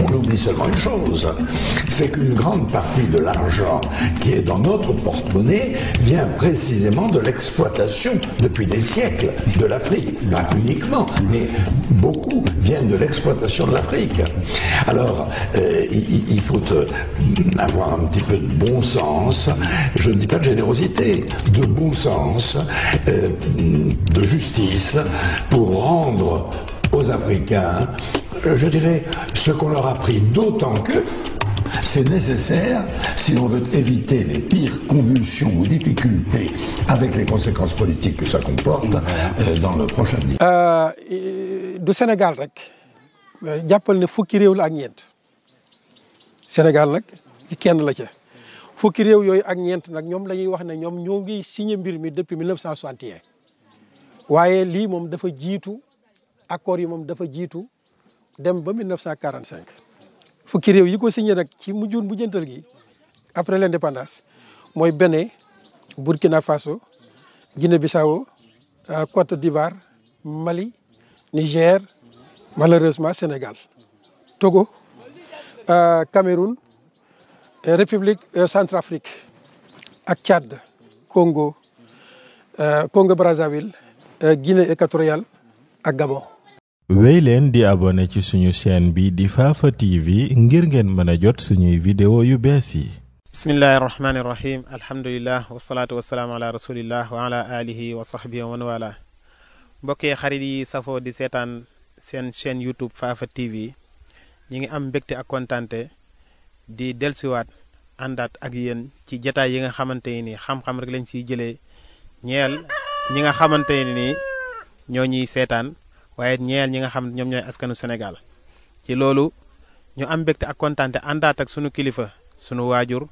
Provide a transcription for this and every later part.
On oublie seulement une chose, c'est qu'une grande partie de l'argent qui est dans notre porte-monnaie vient précisément de l'exploitation depuis des siècles de l'Afrique. Pas uniquement, mais beaucoup viennent de l'exploitation de l'Afrique. Euh, il, faut euh, avoir un petit peu de bon sens, je ne dis pas de générosité, de bon sens, euh, de justice, pour rendre aux Africains, je dirais, ce qu'on a pris, d'autant que c'est nécessaire si l'on veut éviter les pires convulsions ou difficultés avec les conséquences politiques que ça comporte euh, dans le prochain avenir. Euh, Sénégal rek jàppal ne fukki réew la ak ñeent Sénégal nag kenn la ca fukki réew yooyu ak ñeent nag ñoom la ñuy wax ne ñoom ñoo ngi signé mbir mi depuis 1961 waaye lii moom dafa jiitu. accord yi moom dafa jiitu dem ba 1945 fukki réew yi ko signé nag ci mujjoon bu jëntal gi après l'indépendance mooy bene Burkina Faso Guinée-Bissau euh, Côte d'Ivoire Mali Niger malheureusement Sénégal Togo euh, Cameroun euh, République Centrafrique ak Tchad Congo Congo Brazzaville Guinée équatoriale ak Gabon wéy leen di abonné ci suñu chaîne bi di Fafa TV ngir ngeen mën a jot suñuy vidéo yu bees yi bismillahi irrahmani irrahim alhamdulilah wasalaatu wasalaamu ala rasulillah wa ala alihi wa sahbihi wa man wala mbokkee xarit yi safoo di seetaan seen chaîne youtube Fafa TV ñi ngi am mbégte ak kontante di dellusiwaat àndaat ak yéen ci jataay yi nga xamante ni xam-xam rek lañ siy jëlee ñeel ñi nga xamante ni ñoo ñuy seetaan waaye ñeel ñi nga xam ne ñoom ñooy askanu Sénégal ci loolu ñu am mbégte ak kontaante àndaat ak sunu kilifa sunu waajur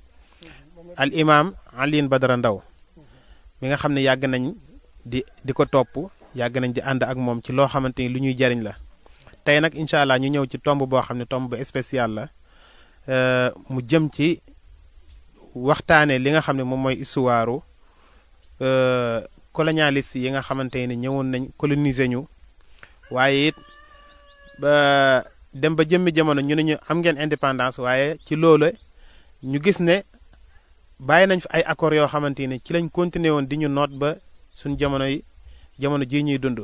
al imaam Alioune Badara ndaw mi nga xam ne yàgg nañ di di ko topp yàgg nañ di ànd ak moom ci loo xamante ni lu ñuy jariñ la tey nag incha allah ñu ñëw ci tomb boo xam ne tomb bu spécial la euh, mu jëm ci waxtaane li nga xam ne moom mooy histoire euh, colonialiste yi nga xamante ne ñëwoon nañ coloniser ñu waaye it dem ba jëmmi jamono ñu ne ñu am ngeen indépendance waaye ci loole ñu gis ne bàyyi nañ fi ay accords yoo xamante ni ci lañ continuer woon di ñu noot ba suñu jamono yi jamono jii ñuy dund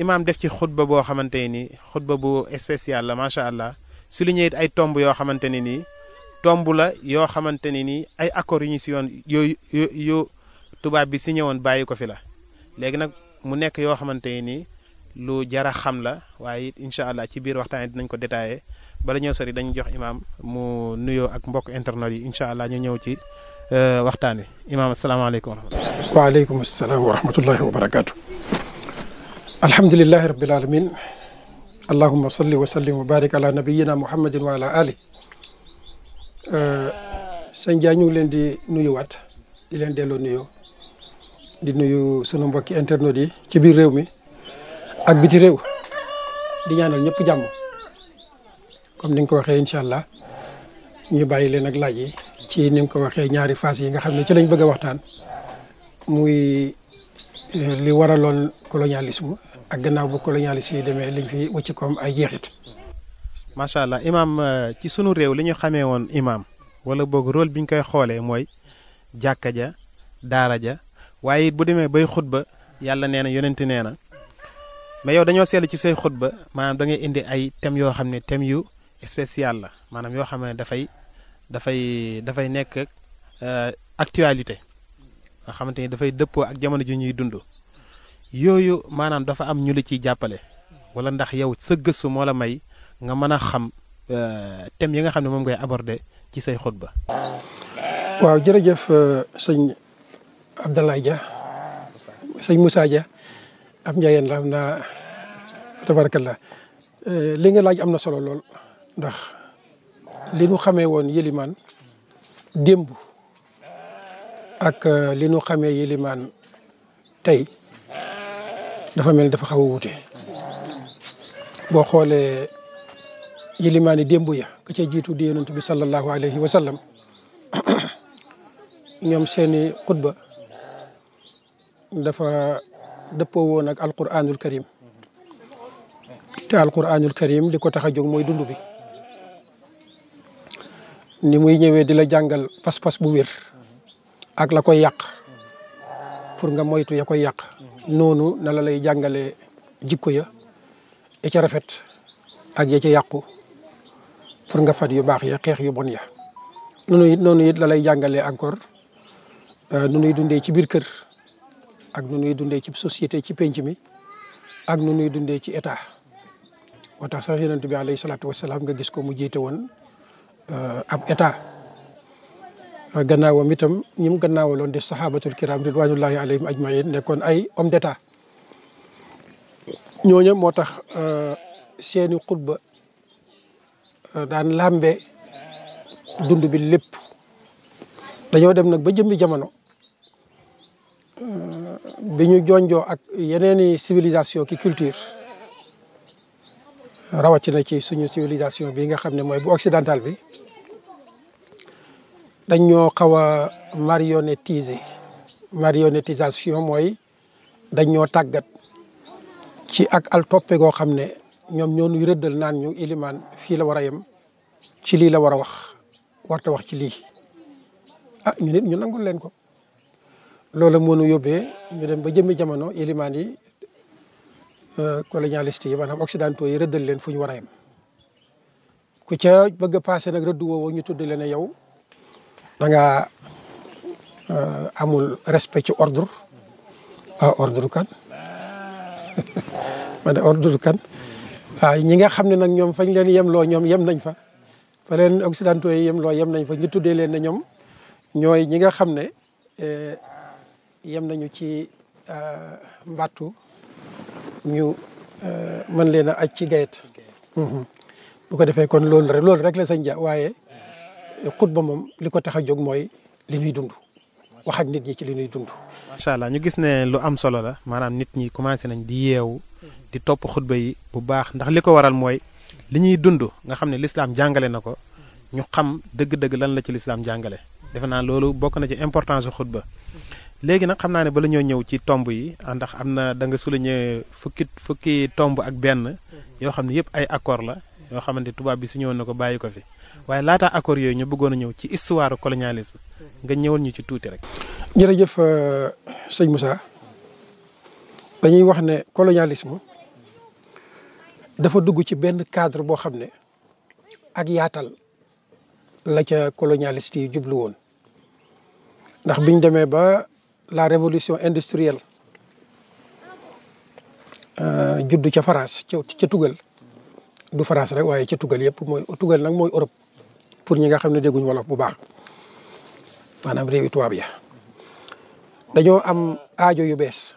imaam def ci xutba boo xamante ni xutba bu spécial la macha allah souligné it ay tomb yoo xamante ne nii tomb la yoo xamante ne nii ay accords yu ñu si yoon yooyu yu yu tubaab bi si ñëwoon bàyyi ko fi la léegi nag mu nekk yoo xamante nii lu jara xam la waaye it incha allah ci biir waxtaan dinañ ko détaillé bala ñëw sori dañu jox imaam mu nuyoo ak mbokk internet yi incha allah ñu ñëw ci euh, waxtaan wi imaam asalaamaaleykum wa rahmatulah. waaleykum salaam wa rahmatullahi wa barakaatu. alhamdulilahi rabbil alamin allahumma salli wa sallim wa barik ala nabiyina muhammadin wa ala ali euh, sëñ Dia ñu ngi leen di nuyuwaat di leen delloo nuyoo di nuyu sunu mbokki internet yi ci biir réew mi. ak biti réew di ñaanal ñëpp jàmm comme ni nga ko waxee incha allah ñu bàyyi leen ak laaj yi ci ni nga ko waxee ñaari phase yi nga xam ne ci lañ bëgg a waxtaan muy euh, li waraloon colonialisme ak gannaaw bu colonialisme yi demee liñ fi wëcc comme ay jeexit. macha allah imaam euh, ci sunu réew li ñu xamee woon imaam wala boog role bi ñu koy xoolee mooy jàkka ja daara ja waaye bu demee bay xutba yàlla nee na yonent nee na mais yow dañoo seetlu ci say xutba maanaam da ngay indi ay thèmes yoo xam ne thèmes yu spécial la maanaam yoo xam ne dafay dafay dafay nekk euh, actualité nga xamante ni dafay dëppoo ak jamono ji ñuy dund yooyu maanaam dafa am ñu la ciy jàppale wala ndax yow sa gëstu moo la may nga mën a xam euh, thèmes yi nga xam ne moom ngay aborder ci say xutba. waaw jërëjëf euh, sëñ Abdoulaye Dia sëñ Moussa Dia ab njaayeen la am naa tabarakallah eh, li nga laaj am na solo lool ndax li nu xamee woon yëlimaan démb ak eh, li nu xamee yëlimaan tey dafa mel dafa xaw a wuute boo xoolee yëlimaan yi démb ya ka ca jiitu di yonent bi sallallahu alayhi wa sallam ñoom seeni xutba dafa dëppoo woon ak alquranul karim te alquranul karim di ko tax a jóg mooy dund bi ni muy ñëwee di la jàngal pas-pas bu wér ak la koy yàq pour nga moytu ya koy yàq noonu na la lay jàngalee jikko ya ya ca rafet ak ya ca yàqu pour nga fat yu baax ya xeex yu bon ya noonu it noonu it la lay jàngalee encore euh, nu nuy dundee ci biir kër ak nu ñuy dundee ci société ci penc mi ak nu ñuy dundee ci état moo tax sax yonent bi alayhi salaatu wasalaam nga gis ko mu jiite woon euh, ab état gannaawam itam ñi mu gannaawaloon di sahabatul kiram ridwanullahi alayhim ajmain nekkoon ay homme d'état ñooñu moo tax euh, seeni xutba euh, daan làmbe dund bi lépp dañoo dem nag ba jëmmi jamono bi ñu jonjoo ak yeneen i civilisation ki culture rawatina ci suñu civilisation bi nga xam ne mooy bu occidental bi dañ ñoo xaw a marionnettiser marionnettisation mooy dañ ñoo tàggat ci ak al toppe goo xam ne ñoom ñoo ñuy rëddal naan ñu ilimaan fii la war a yem ci lii la war a wax warta wax ci lii ah ñu nit ñu nangul leen ko loolu moo ñu yóbbee ñu dem ba jëmmi jamono ilimaan yi euh, colonialiste yi maanaam occidentaux yi rëddal leen fu ñu war a yem ku ca bëgg a passé nag rëdd woowu ñu tudd leen ne yow da euh, amul respect ci ordre waaw ah, ordre kan ma ne ordre kan ñi nga xam ne nag ñoom fañ leen yem loo ñoom yem nañ fa fa leen occidentaux yi yem loo yem nañ fa ñu tuddee leen ne ñoom ñooy ñi nga xam ne euh, yem nañu ci euh, mbattu ñu euh, mën leen a aj ci gayet mhm. bu ko defee kon loolu rek loolu rek la sañ ja waaye xutba moom li ko tax a jóg mooy li ñuy dund wax ak nit ñi ci li ñuy dund. macha allah ñu gis ne lu am solo la maanaam nit ñi commencé nañ di yeewu di topp xutba yi bu baax ndax li ko waral mooy li ñuy dund nga xam ne lislaam jàngale na ko ñu xam dëgg-dëgg lan la ci lislaam jàngale. defe naa loolu bokk na ci importance su xutba léegi nag xam naa ne bala ñoo ñëw ci tomb yi ah, ndax am na danga nga souligné fukki fukki tomb ak benn yoo xam ne yëpp ay accord la yoo xamante tubaab bi su ñëwoon na ko bàyyi ko fi waaye laataa accord yooyu ñu bëggoon a ci histoire colonialisme nga ñëwal ñu ci tuuti rek. jërëjëf euh, sëñ musa dañuy wax ne colonialisme dafa dugg ci benn cadre boo xam ne ak yaatal la ca colonialiste yi jublu woon ndax biñ demee ba. la révolution industrielle euh, juddu ca France ca ca tugal du France rek waaye ca tugal yëpp mooy tugal nag mooy Europe pour ñi nga xam ne dégguñu wala bu baax maanaam réewi tubaab ya dañoo am aajo yu bees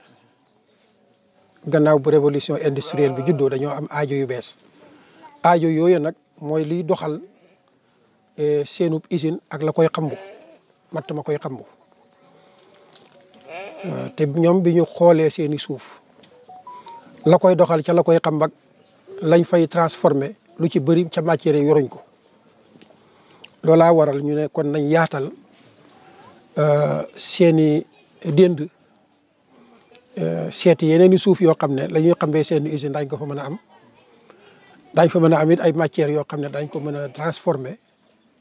gannaaw bu révolution industrielle bi juddoo dañoo am aajo yu bees aajo yooyu nag mooy liy doxal e eh, seenu usine ak la koy xambu matt ma koy xambu te ñoom bi ñu xoolee seeni suuf la koy doxal ca la koy xam lañ fay transformer lu ci bëri ca matière yoruñ ko loolaa waral ñu ne kon nañ yaatal euh, seeni dénd euh, seeti yeneen i suuf yoo xam ne lañuy ñuy xamee seeni usine daañ ko fa mën a am daañ fa mën a am it ay matières yoo xam ne daañ ko mën a transformer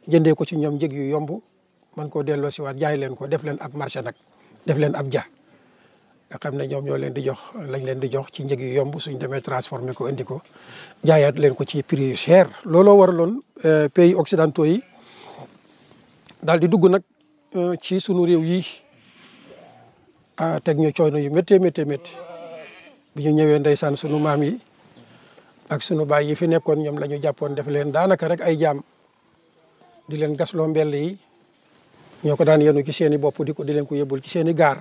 jëndee ko ci ñoom njëg yu yomb man koo delloo si waat jaay leen ko def leen ak marché nag def leen ab ja nga xam ne ñoom ñoo leen di jox lañ leen di jox ci njëg yu yomb suñ demee transformé ko indi ko jaayaat leen ko ci prix yu cher. looloo waraloon euh, pays occidentaux yi daal di dugg nag euh, ci sunu réew yi teg ñu coono yu méttee méttee bi ñu ñëwee ndeysaan sunu maam yi ak sunu baay yi fi nekkoon ñoom la jàppoon def leen daanaka rek ay jaam di leen gasloo mbell yi. ñoo ko daan yenu ci seen i bopp di ko di leen ko yóbbul ci seeni gaar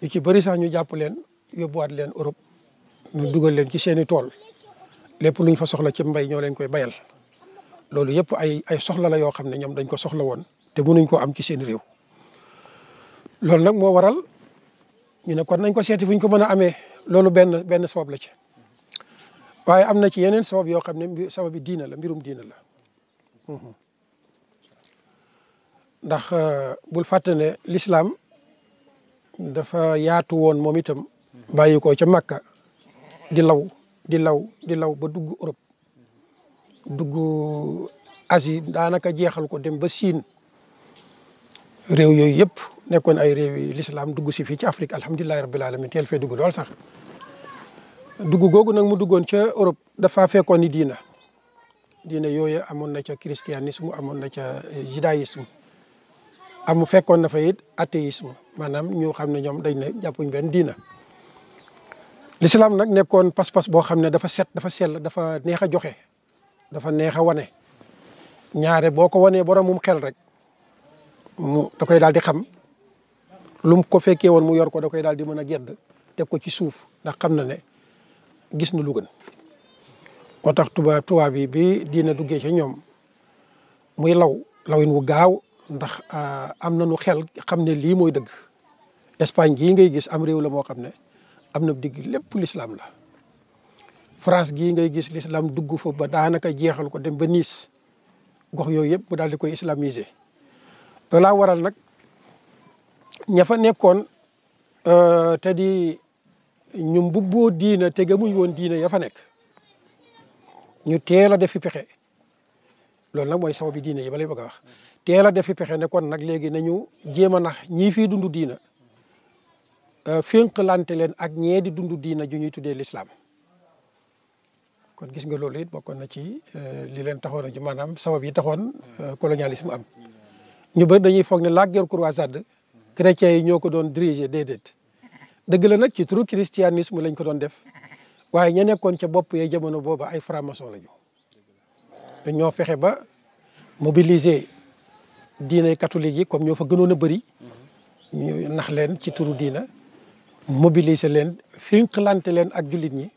ñu ci bëri sax ñu jàpp leen yóbbuwaat leen Europe ñu dugal leen ci seen i tool lépp luñ fa soxla ci mbay ñoo leen koy bayal loolu yëpp ay ay soxla la yoo xam ne ñoom dañ ko soxla woon te mënuñ ko am ci seeni réew loolu nag moo waral ñu ne kon nañ ko seeti fu ñu ko mën a amee loolu benn benn sabab la ci waaye am na ci yeneen sabab yoo xam ne sabab bi diina la mbirum diina la ndax euh, bul fàtte ne lislaam dafa yaatu woon moom itam bàyyi ko ca Makka di law di law di law ba dugg Europe dugg Asie daanaka jeexal ko dem ba Siin réew yooyu yëpp nekkoon ay réew lislaam dugg si fii ci Afrique alhamdulilahi rabbil alamin teel fee dugg lool sax dugg googu nag mu duggoon ca Europe dafa fekkoon ni diina diina yooyu amoon na ca christianisme amoon na ca judaïsme am ah, mu fekkoon na fa it athéisme maanaam ñu xam ne ñoom dañ ne jàppuñ benn diina. l'islam nag nekkoon pas-pas boo xam ne dafa set dafa sell dafa neex a joxe dafa neex a wane ñaare boo ko wanee borom mum xel rek mu da koy daal di xam lum ko fekkee woon mu yor ko da koy daal di mën a gedd teg ko ci suuf ndax xam na ne gis na lu gën. moo tax tubaab tubaab yi bi diina duggee ci ñoom muy law lawin wu gaaw ndax euh, am na nañu xel xam ne lii mooy dëgg Espagne gii ngay gis am réew la moo xam ne am na digg lépp l'islam la France gii ngay gis l'islam dugg fa ba daanaka jeexal ko dem ba niis gox yooyu yëpp mu daal di koy islamisé loolaa waral nag ña fa nekkoon euh, te di ñu mbubboo diina te gëmuñ woon diina ya fa nekk ñu teel a def fi pexe loolu nag mooy sababu diina yi ba lay bëgg a teel def defi pexe ne kon nag léegi nañu jéem a nax ñii fii dund diina euh, fénqalante leen ak ñee di dund diina ju ñuy tuddee lislaam kon gis nga loolu it bokkoon na ci euh, li leen taxoon a ju maanaam sabab yi taxoon euh, colonialisme am ñu bëri dañuy foog ne la guerre croisade chrétiens yi ñoo ko doon diriger déedéet dëgg la nag ci turu christianisme lañ ko doon def waaye ña nekkoon ca bopp yee jamono booba ay franc-maçon lañu ñoo fexe ba mobiliser diine catholique yi comme ñoo fa gënoon a bëri ñu nax leen ci turu diina mobiliser leen finqalante leen ak jullit ñi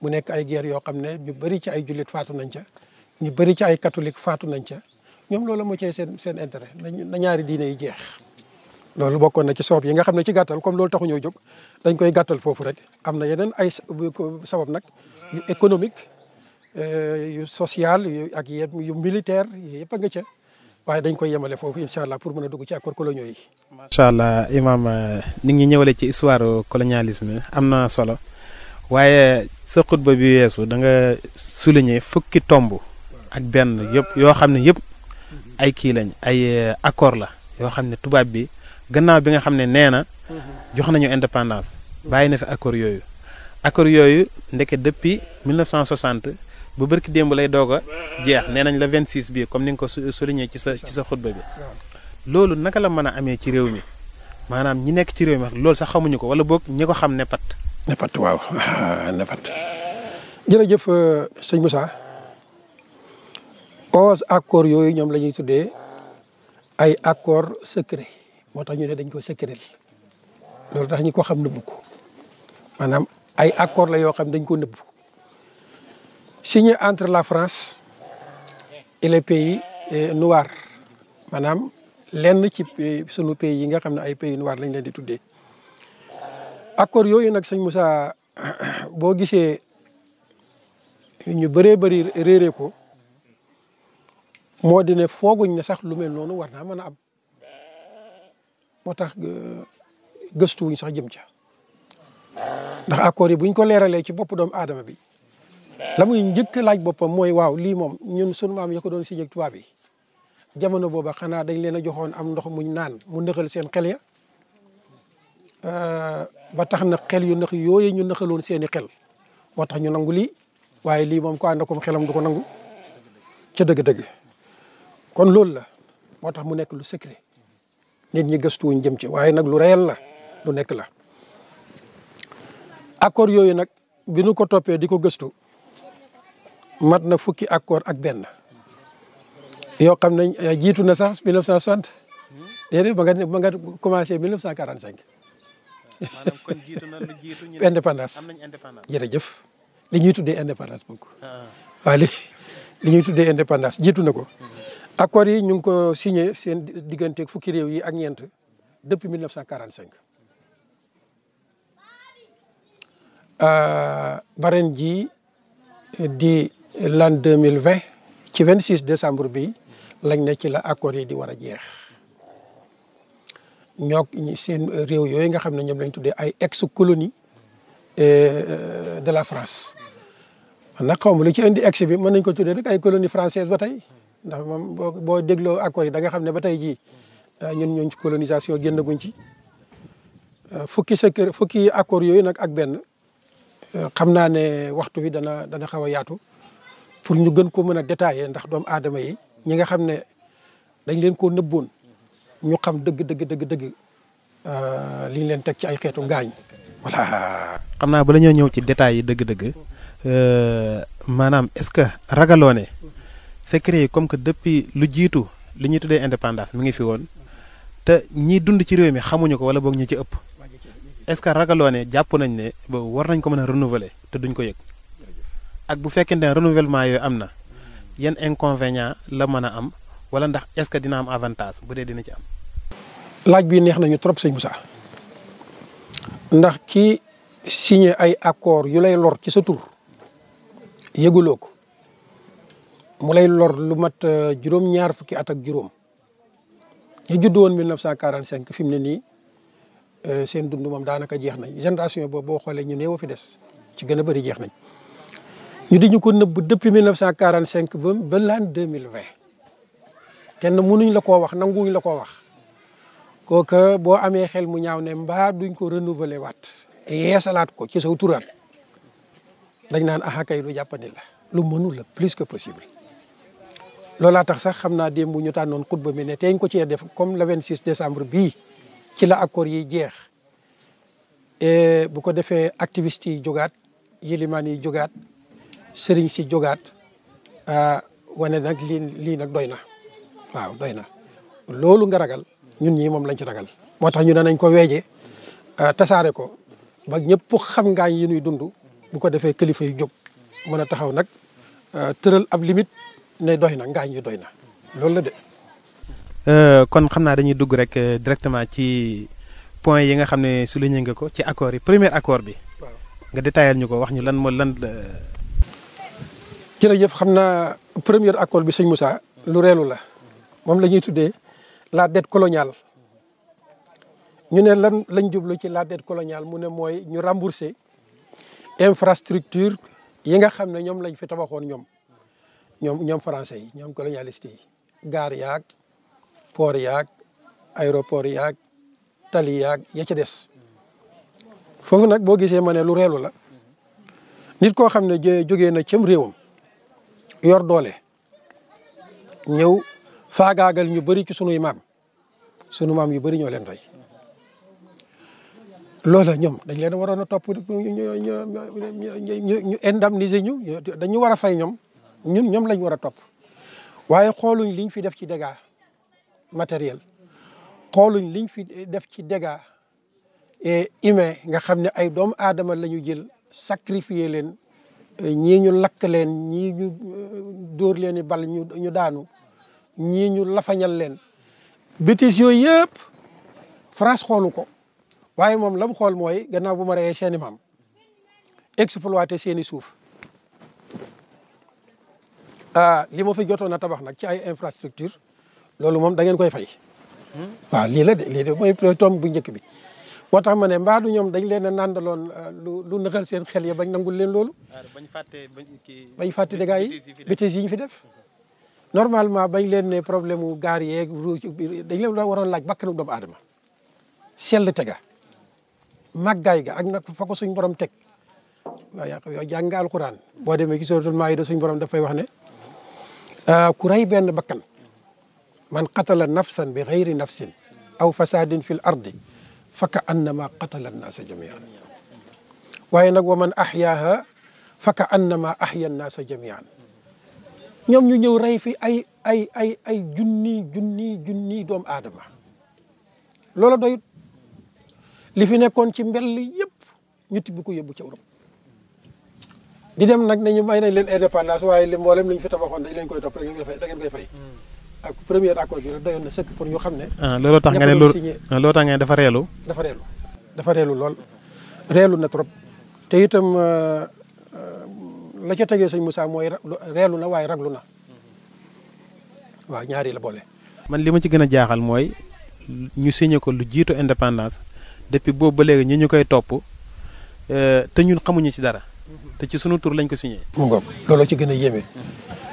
mu nekk ay guerre yoo xam ne ñu bëri ci ay jullit faatu nañ ca ñu bëri ci ay catholique faatu nañ ca ñoom loolu moo cay seen seen intérêt na ñaari diine yi jeex loolu bokkoon na ci soob yi nga xam ne ci gàttal comme loolu taxu ñoo jóg dañ koy gàttal foofu rek am na yeneen ay sabab nag yu économique euh, yu sociale yu ak yëpp yu militaire yëpp a nga ca waaye dañ koy yemale foofu incha allah pour mën a dugg ci accords coloniaux macha allah imaam euh, ni ngi ñëwale ci histoire colonialisme am na solo waaye sa xutba bi yeesu da nga souligner fukki tomb ak benn yëpp yoo xam ne yëpp ay kii lañ ay euh, accord la yoo xam ne tubaab bi gannaaw bi nga xam ne nee na jox nañu indépendance bàyyi na fi accord yooyu accord yooyu ndeke depuis 1960. bu bërki démb lay doog jeex nee nañ la vingt 26 bi comme ni nga ko souligné ci sa ci sa xutba bi loolu naka la mën a amee ci réew mi maanaam ñi nekk ci réew mi wax loolu sax xamuñu ko wala boog ñi ko xam ne pat ne pat waaw ne pat jërëjëf euh, sëñ Moussa onze accord yooyu ñoom la ñuy tuddee ay accord secret moo tax ñu ne dañ ko secret loolu tax ñi ko xam nëbbu ko maanaam ay accord la yoo xam dañ ko nëbbu signé entre la France et les pays euh, noirs maanaam lenn ci sunu pays yi nga xam ne ay pays noirs lañ leen di tuddee accord yooyu nag sëñ Moussa boo gisee ñu bëree bëri réeree ko moo di ne fooguñ ne sax lu mel noonu war naa mën a am moo tax gëstu euh, gëstuwuñ sax jëm ca ndax accord yi buñ ko leeralee ci bopp doomu aadama bi la muy njëkk laaj boppam mooy waaw lii moom ñun sunu maam ya doon si jëg tubaab yi jamono booba xanaa dañ leen a joxoon am ndox muñ naan mu nëxal seen xel ya euh, ba tax na xel yu nëx yooyu ñu nëxaloon seeni xel moo tax ñu nangu lii waaye lii moom ko ànd akum xelam du ko nangu ca dëgg-dëgg kon loolu la moo tax mu nekk lu secret nit ñi gëstuwuñ jëm ci waaye nag lu réel la lu nekk la accord yooyu nag bi nu ko toppee di ko gëstu mat na fukki accord ak benn yoo xam ne jiitu na sax 1960 déedéet ba nga ba nga commencé 1945. maanaam kon jiitu na lu jiitu ñu indépendance am nañ indépendance jërëjëf li ñuy indépendance bokk. Ah. waaw li ñuy tuddee indépendance jiitu na ko. accords yi ñu ngi ko signé seen diggante fukki réew yi ak ñeent depuis 1945. Ah, ba ren jii di. l'an deux mille vingt ci vingt six décembre bi lañ ne ci la accord yi di war a jeex ñoo seen réew yooyu nga xam ne ñoom lañ tuddee ay ex colonie euh, euh, de la France man nag xaw ma lu ci indi ex bi mën nañ ko tuddee rek ay colonie française ba tey ndax moom boo boo dégloo accord yi da nga xam ne ba tey jii euh, ñun ñooñu ci génn guñ ci fukki secteur fukki accord yooyu nag ak benn xam naa ne waxtu wi dana dana xaw a yaatu. pour ñu gën ko mën a détailler ndax doomu aadama yi ñi nga xam ne dañ leen koo nëbboon ñu xam dëgg dëgg dëgg dëgg euh, li leen teg ci ay xeetu ngaañ voilà. xam naa bala ñoo ñëw ci détails yi dëgg-dëgg euh, maanaam est-ce que ragaloo ne secret yi comme que depuis lu jiitu li ñuy tuddee indépendance mi ngi fi woon te ñiy dund ci réew mi xamuñu ko wala boog ñi ci ëpp est-ce que ragaloo ne jàpp nañ ne war nañ ko mën a renouveler te duñ ko yëg. ak bu fekkente ne renouvellement yooyu am na yan inconvénient la mën a am wala ndax est-ce que dina am avantage bu dee dina ci am. laaj bi neex nañu trop sëñ Moussa ndax ki signé ay accord yu lay lor ci sa tur yëguloo ko mu lay lor lu mat euh, juróom-ñaar fukki at ak juróom ñu judd woon 1945 fi mu ne nii euh, seen dund moom daanaka jeex nañ génération boobu boo xoolee ñu néew a fi des ci gën a bëri jeex nañ. ñu di ñu ko nëbb depuis 1945 ba ba l'an 2020 kenn mënuñ la koo wax nanguwuñ la ko wax kooka boo amee xel mu ñaaw ne mbaa duñ ko renouveler waat yeesalaat ko ci saw turaat dañ naan aha lu jàppandi la lu mënul la plus que possible loolaa tax sax xam naa bu ñu tànnoon xutba mi ne teeñ ko cee def comme le 26 décembre bi ci la accord yi jeex bu ko defee activistes yi jógaat yilimaan yi jogaat sëriñ si jógaat ah, wane nag lii lii nag doy na waaw doy na loolu nga ragal ñun ñii moom lañ ci ragal moo tax ñu ne nañ ko weeje ah, tasaare ko ba ñëpp xam ngaañ yi ñuy dund bu ko defee kilifa yu jóg mën a taxaw nag ah, tëral ab limite ne doy na ngaañ yi doy na loolu la de euh, kon xam naa dañuy dugg rek euh, directement ci point yi nga xam ne su souligné nga ko ci accord yi premier accord bi nga détaillé ñu ko wax ñu lan moo lan euh, jërëjëf xam naa première accord bi sëñ Moussa lu reelu la moom la ñuy tuddee la dette coloniale ñu ne lan lañ jublu ci la dette coloniale mu ne mooy ñu rembourser infrastructure yi nga xam ne ñoom lañ fi tabaxoon ñoom ñoom ñoom français yi ñoom colonialiste yi gaar yaag port yaag aéroport yaag tali yaag ya ca des foofu nag boo gisee ma ne lu reelu la nit koo xam ne jógee na cëm réewam yor doole ñëw faagaagal ñu bari ci sunuy maam sunu maam yu bëri ñoo leen rey loola ñoom dañ leen waroon a topp ñu indemniser ñu dañu war a fay ñoom ñun ñoom lañ war a topp waaye xooluñ liñ fi def ci dégâts matériel xooluñ liñ fi def ci dégâts humain nga xam ne ay doomu aadama la jël sacrifier leen ñii ñu lakk leen ñii ñu euh, dóor leen i bal ñu daanu ñii ñu lafañal leen bêtises yooyu yëpp France xoolu ko waaye moom lam xool mooy gannaaw bu ma reyee seen i maam exploité seen i suuf ah li ma fi jotoon a tabax nag ci ay infrastructure loolu moom da ngeen koy fay hmm? waaw lii la de lii de mooy tomb bu njëkk bi moo tax ma ne mbaa du ñoom dañ leen a nàndaloon euh, lu lu nëxal seen xel ya bañ nangul leen loolu. Ah, bañ fàtte bañ fàtte dégâts yi bêtises yi ñu fi def. normalement bañ leen ne problème mu gaar yeeg ruus dañ leen waroon laaj bakkanu doomu aadama sell tega màggaay ga ak nag fa ko suñ borom teg waaye yow jàng nga alquran boo demee ma yi maayida suñ borom dafay wax ne ah, ku rey benn bakkan man qatala nafsan bi xayri nafsin aw fasadin fil ardi fa ka annama qatala annaasa jamian waaye nag wa man ahyaaha fa ka annama ahya annaasa jamian ñoom ñu ñëw rey fi ay ay ay ay junni junni junni doom aadama loola doyut li fi nekkoon ci mbell yëpp ñu tibb ko yóbbu ca Europe di dem nag ne ñu may nañ leen indépendance waaye li mboolem li ñu fi tabaxoon dañ leen koy topp da ngeen koy fay fay ak premier accord bi rek doyoon na sëkk pour ñu xam ne. Ah, looloo tax nga ne loolu ah, looloo tax nga ne dafa reelu. dafa reelu dafa reelu lool reelu na trop te itam euh, euh, la ca tegee sëñ Moussa mooy reelu na waaye raglu na waaw ñaari la boole. man li ma ci gën a jaaxal mooy ñu signé ko lu jiitu indépendance depuis boobu ba léegi ñi ñu koy topp euh, te ñun xamuñu ci dara. Mhm. te ci sunu tur lañ ko signé. mu ngoog looloo ci gën a yéeme.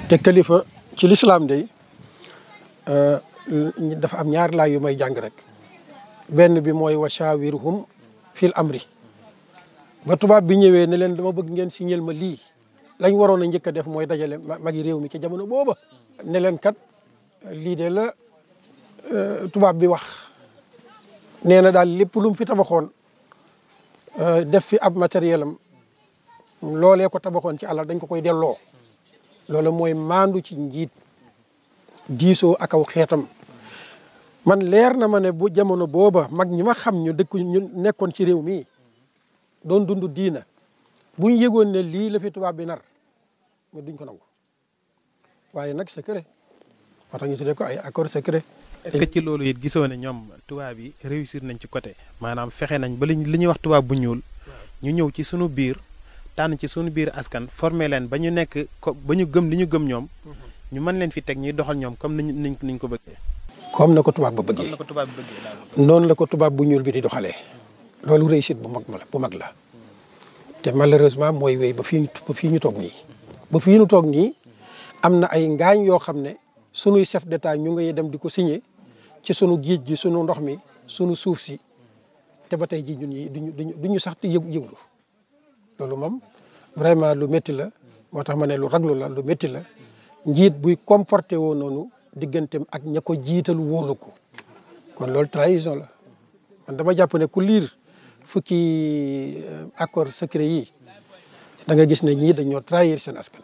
te kilifa ci lislaam day Euh, dafa am ñaari laay yu may jàng rek benn bi mooy washawirhum fil amri ba tubaab bi ñëwee ne leen dama bëgg ngeen si signal ma lii lañ waroon njëkk a def mooy dajale magi réew mi ci jamono booba ne leen kat lii de la euh, tubaab bi wax nee na daal lépp lu fi tabaxoon euh, def fi ab matériel am loolee ko tabaxoon ci alal dañ ko koy delloo loolu mooy maandu ci njiit diisoo ak kaw xeetam man leer na ma ne bu jamono booba mag ñi ma xam ñu dëkk ñu nekkoon ci réew mi doon dund diina bu ñu yëgoon ne lii la fi tubaab bi nar duñ ko nangu waaye nag secret moo tax ñu tuddee ko ay accord secret. est que ci loolu it gisoo ne ñoom tubaab yi réussir nañ ci côté maanaam fexe nañ ba li ñuy wax tubaab bu ñuul ñu ñëw ci sunu biir tànn ci sunu biir askan formé leen ba ñu nekk ko ba ñu gëm li ñu gëm ñoom. ñu man leen fi teg ñuy doxal ñoom comme niñ niñ niñ ko bëggee. comme na ko tubaab ba bëggee comme na ko tubaab noonu la ko tubaab bu ñuul bi di doxalee. loolu réussite bu mag la bu mag la te malheureusement mooy wéy ba fii ba fii ñu toog nii. ba fii nu toog nii am na ay ngaañ yoo xam ne sunuy chef d'état ñu ngi dem di ko signé ci sunu géej gi sunu ndox mi sunu suuf si te ba tey jii ñun ñii duñu duñu duñu sax di yëg yëglu loolu moom vraiment lu métti la moo tax ma ne lu lu la lu métti la. njiit buy comporté woon noonu digganteem ak ña ko jiital wóolu ko kon loolu trahison la man dama jàpp ne ku liir fukki euh, accord secret yi da nga gis ne ñii dañoo trahir seen askan.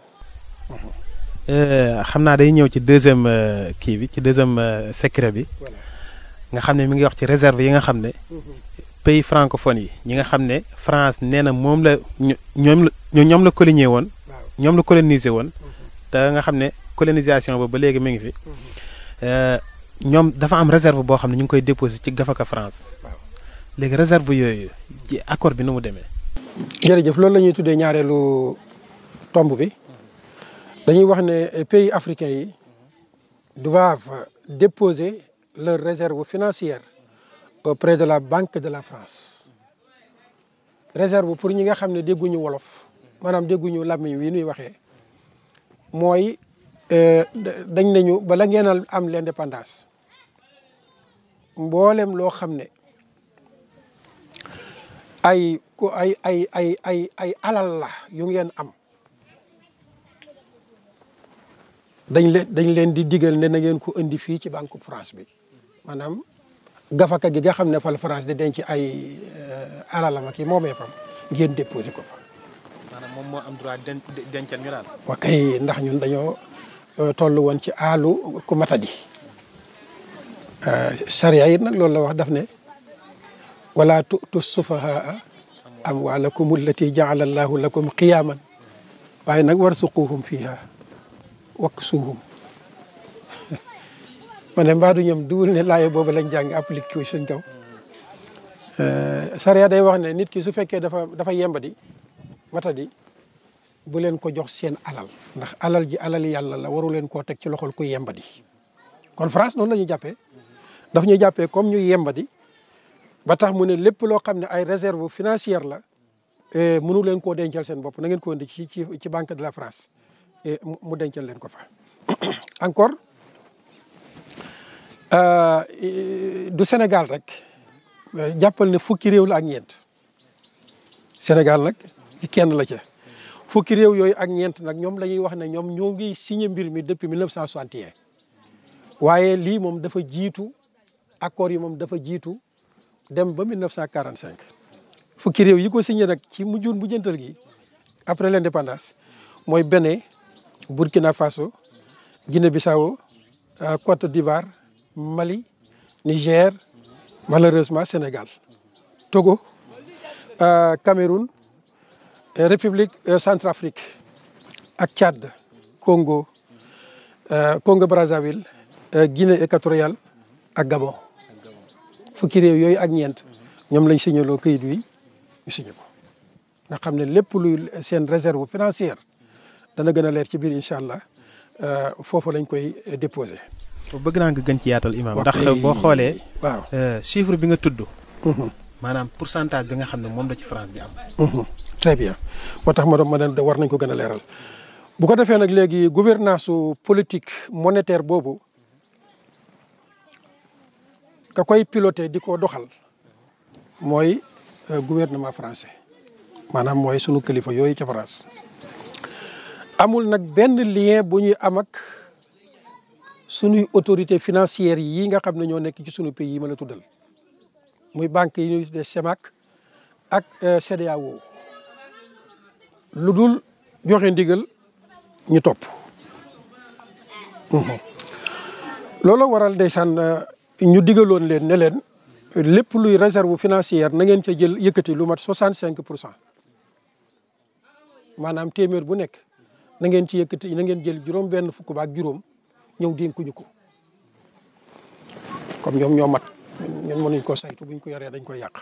Euh, xam naa day ñëw ci deuxième euh, kii bi ci deuxième secret bi nga xam ne mu ngi wax ci réserve yi nga xam ne mhm. pays francophone yi ñi nga xam ne France nee na moom la ñoom la ñoom la colonisé woon. ñoom la colonisé woon. Mhm. te nga xam ne colonisation ba ba léegi mu ngi fi. Euh, ñoom dafa am réserve boo xam ne ñu ngi koy déposé ci gafaka France. léegi réserve yooyu ci accord bi nu mu demee. jërëjëf loolu la ñuy tuddee ñaareelu tomb bi dañuy wax ne pays africains yi du doivent déposer leur réserve financière au près de la Banque de la France réserve pour ñi nga xam ne dégguñu wolof maanaam dégguñu làmmiñ wi nuy waxee mooy euh, dañ nañu bala ngeen am l'indépendance mboolem loo xam ne ay ku ay ay ay ay ay alal la yu ngeen am dañ leen dañ leen di digal ne na ngeen ko indi fii ci banque France bi maanaam gafaka gi nga xam ne fal France di denc ay euh, alalam ak yi moomee fam ngeen déposé ko fa moom moo am droit dencal ñu naan. wa kay ndax ñun dañoo euh, toll woon ci aalu ku matadi euh, sariya it nag loolu la wax daf ne wala tu'tu sufahaa amwaalakum allati la allahu lakum qiyaaman waaye nag warzuquhum fiha waksuhum ma ne mbaadu ñoom duwul ne laaye boobu lañ jàng appliqué wu suñ kaw euh, sariya day wax ne nit ki su fekkee dafa dafa yembadi matadi bu leen ko jox seen alal ndax alal ji alal yàlla la waru leen koo teg ci loxol ku yembadi kon France noonu la ñu jàppee daf ñu jàppee comme ñu yembadi ba tax mu ne lépp loo xam ne ay réserve financière la eh, mënu leen koo dencal seen bopp na ngeen ko indi ci ci ci banque de la France eh, mu dencal leen ko fa encore euh, du Sénégal rek jàppal ne fukki réew la ak ñeent Sénégal nag kenn la ca fukki réew yooyu ak ñeent nag ñoom lañuy wax ne ñoom ñoo ngi signé mbir mi depuis 1961 waaye lii moom dafa jiitu accord yi moom dafa jiitu dem ba 1945 fukki réew yi ko signé nag ci mujjun bu jëntal gi après l'indépendance mooy Bénin Burkina Faso Guinée-Bissau euh, Côte d'Ivoire Mali Niger malheureusement Sénégal Togo euh, Cameroun Euh, république euh, centrafrique ak Tchad Congo euh, Congo Brazzaville Guinée équatoriale ak Gabon fukki réew yooyu ak ñeent ñoom lañ signaloo këyit wi ñu signé nga xam ne lépp luy seen réserve financière dana gën a leer ci biir incha allah foofu lañ koy déposé. bëgg naa nga gën ci yaatal imam ndax boo xoolee. waaw chiffre bi nga tudd. Mhm. maanaam pour pourcentage bi nga xam ne moom la ci France di am. Mhm. très bien moo tax ma doon ma ne war nañ ko gën a leeral bu ko defee nag léegi gouvernance su politique monétaire boobu ka koy piloté di ko doxal mooy euh, gouvernement français maanaam mooy sunu kilifa yooyu ca France. amul nag benn lien bu ñuy am ak sunuy autorité financière yi nga xam ne ñoo nekk ci sunu pays yi ma la tuddal. muy banque yi ñuy tuddee CEMAC ak euh, CEDEAO lu dul joxe ndigal ñu topp mhm. loolu waral ndeysaan euh, ñu digaloon leen ne leen lépp luy réserve financière na ngeen ca jël yëkkati lu mat 65 pour cent maanaam téeméer bu nekk na ngeen ci yëkkati na ngeen jël juróom benn fukk ba ak juróom ñëw dénkuñu ko comme ñoom ñoo mat ñoom ñun mënuñ koo saytu buñ ko yoree dañ koy yàq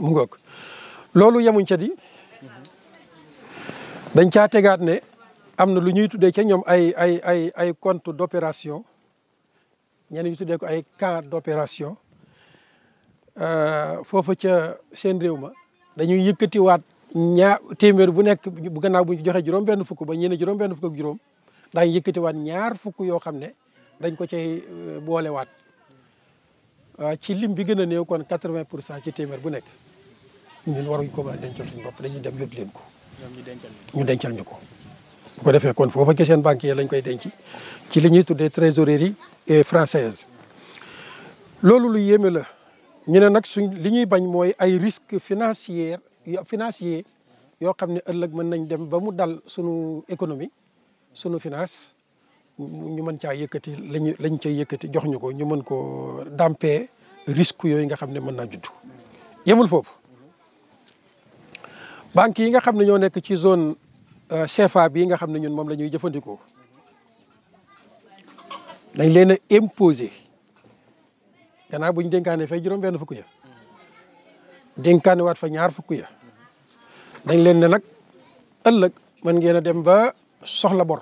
mu ngoog loolu yemuñ ca di dañ caa tegaat ne am na lu ñuy tuddee ca ñoom ay ay ay ay compte d'opération ñenn ñu tuddee ko ay cas d'opération euh, foofu ca seen réew ma dañuy yëkkatiwaat ñaar téeméer bu nekk bu gannaaw bu ñu joxee juróom fukk ba ñeneen juróom fukk ak juróom daañu yëkkatiwaat ñaar fukk yoo xam ne dañ ko cay euh, boolewaat Euh, ci lim bi gën a néew kon 80 pour cent ci téeméer bu nekk ñun waruñ ko mën a dencal suñu bopp dañuy dem yóbbu leen ko. ñu dencal ñu ko. bu ko defee kon foofa ci seen banque yi lañ koy denc ci li ñuy tuddee et française loolu lu yéeme la ñu ne nag suñ li ñuy bañ mooy ay risques financier financier yoo xam ne ëllëg mën nañ dem ba mu dal suñu économie sunu finance. ñu mën caa yëkkati lañu lañ cay yëkkati jox ñu ko ñu mën koo dàmpe risque yooyu nga xam ne mën naa judd yemul foofu banque yi nga xam ne ñoo nekk ci zone euh, CFA bii nga xam ne ñun moom lañuy jëfandikoo dañ leen a imposer gannaaw bu ñu dénkaane fay benn fukk ya dénkaane waat fa ñaar fukk ya dañ leen ne nag ëllëg mën ngeen a dem ba soxla bor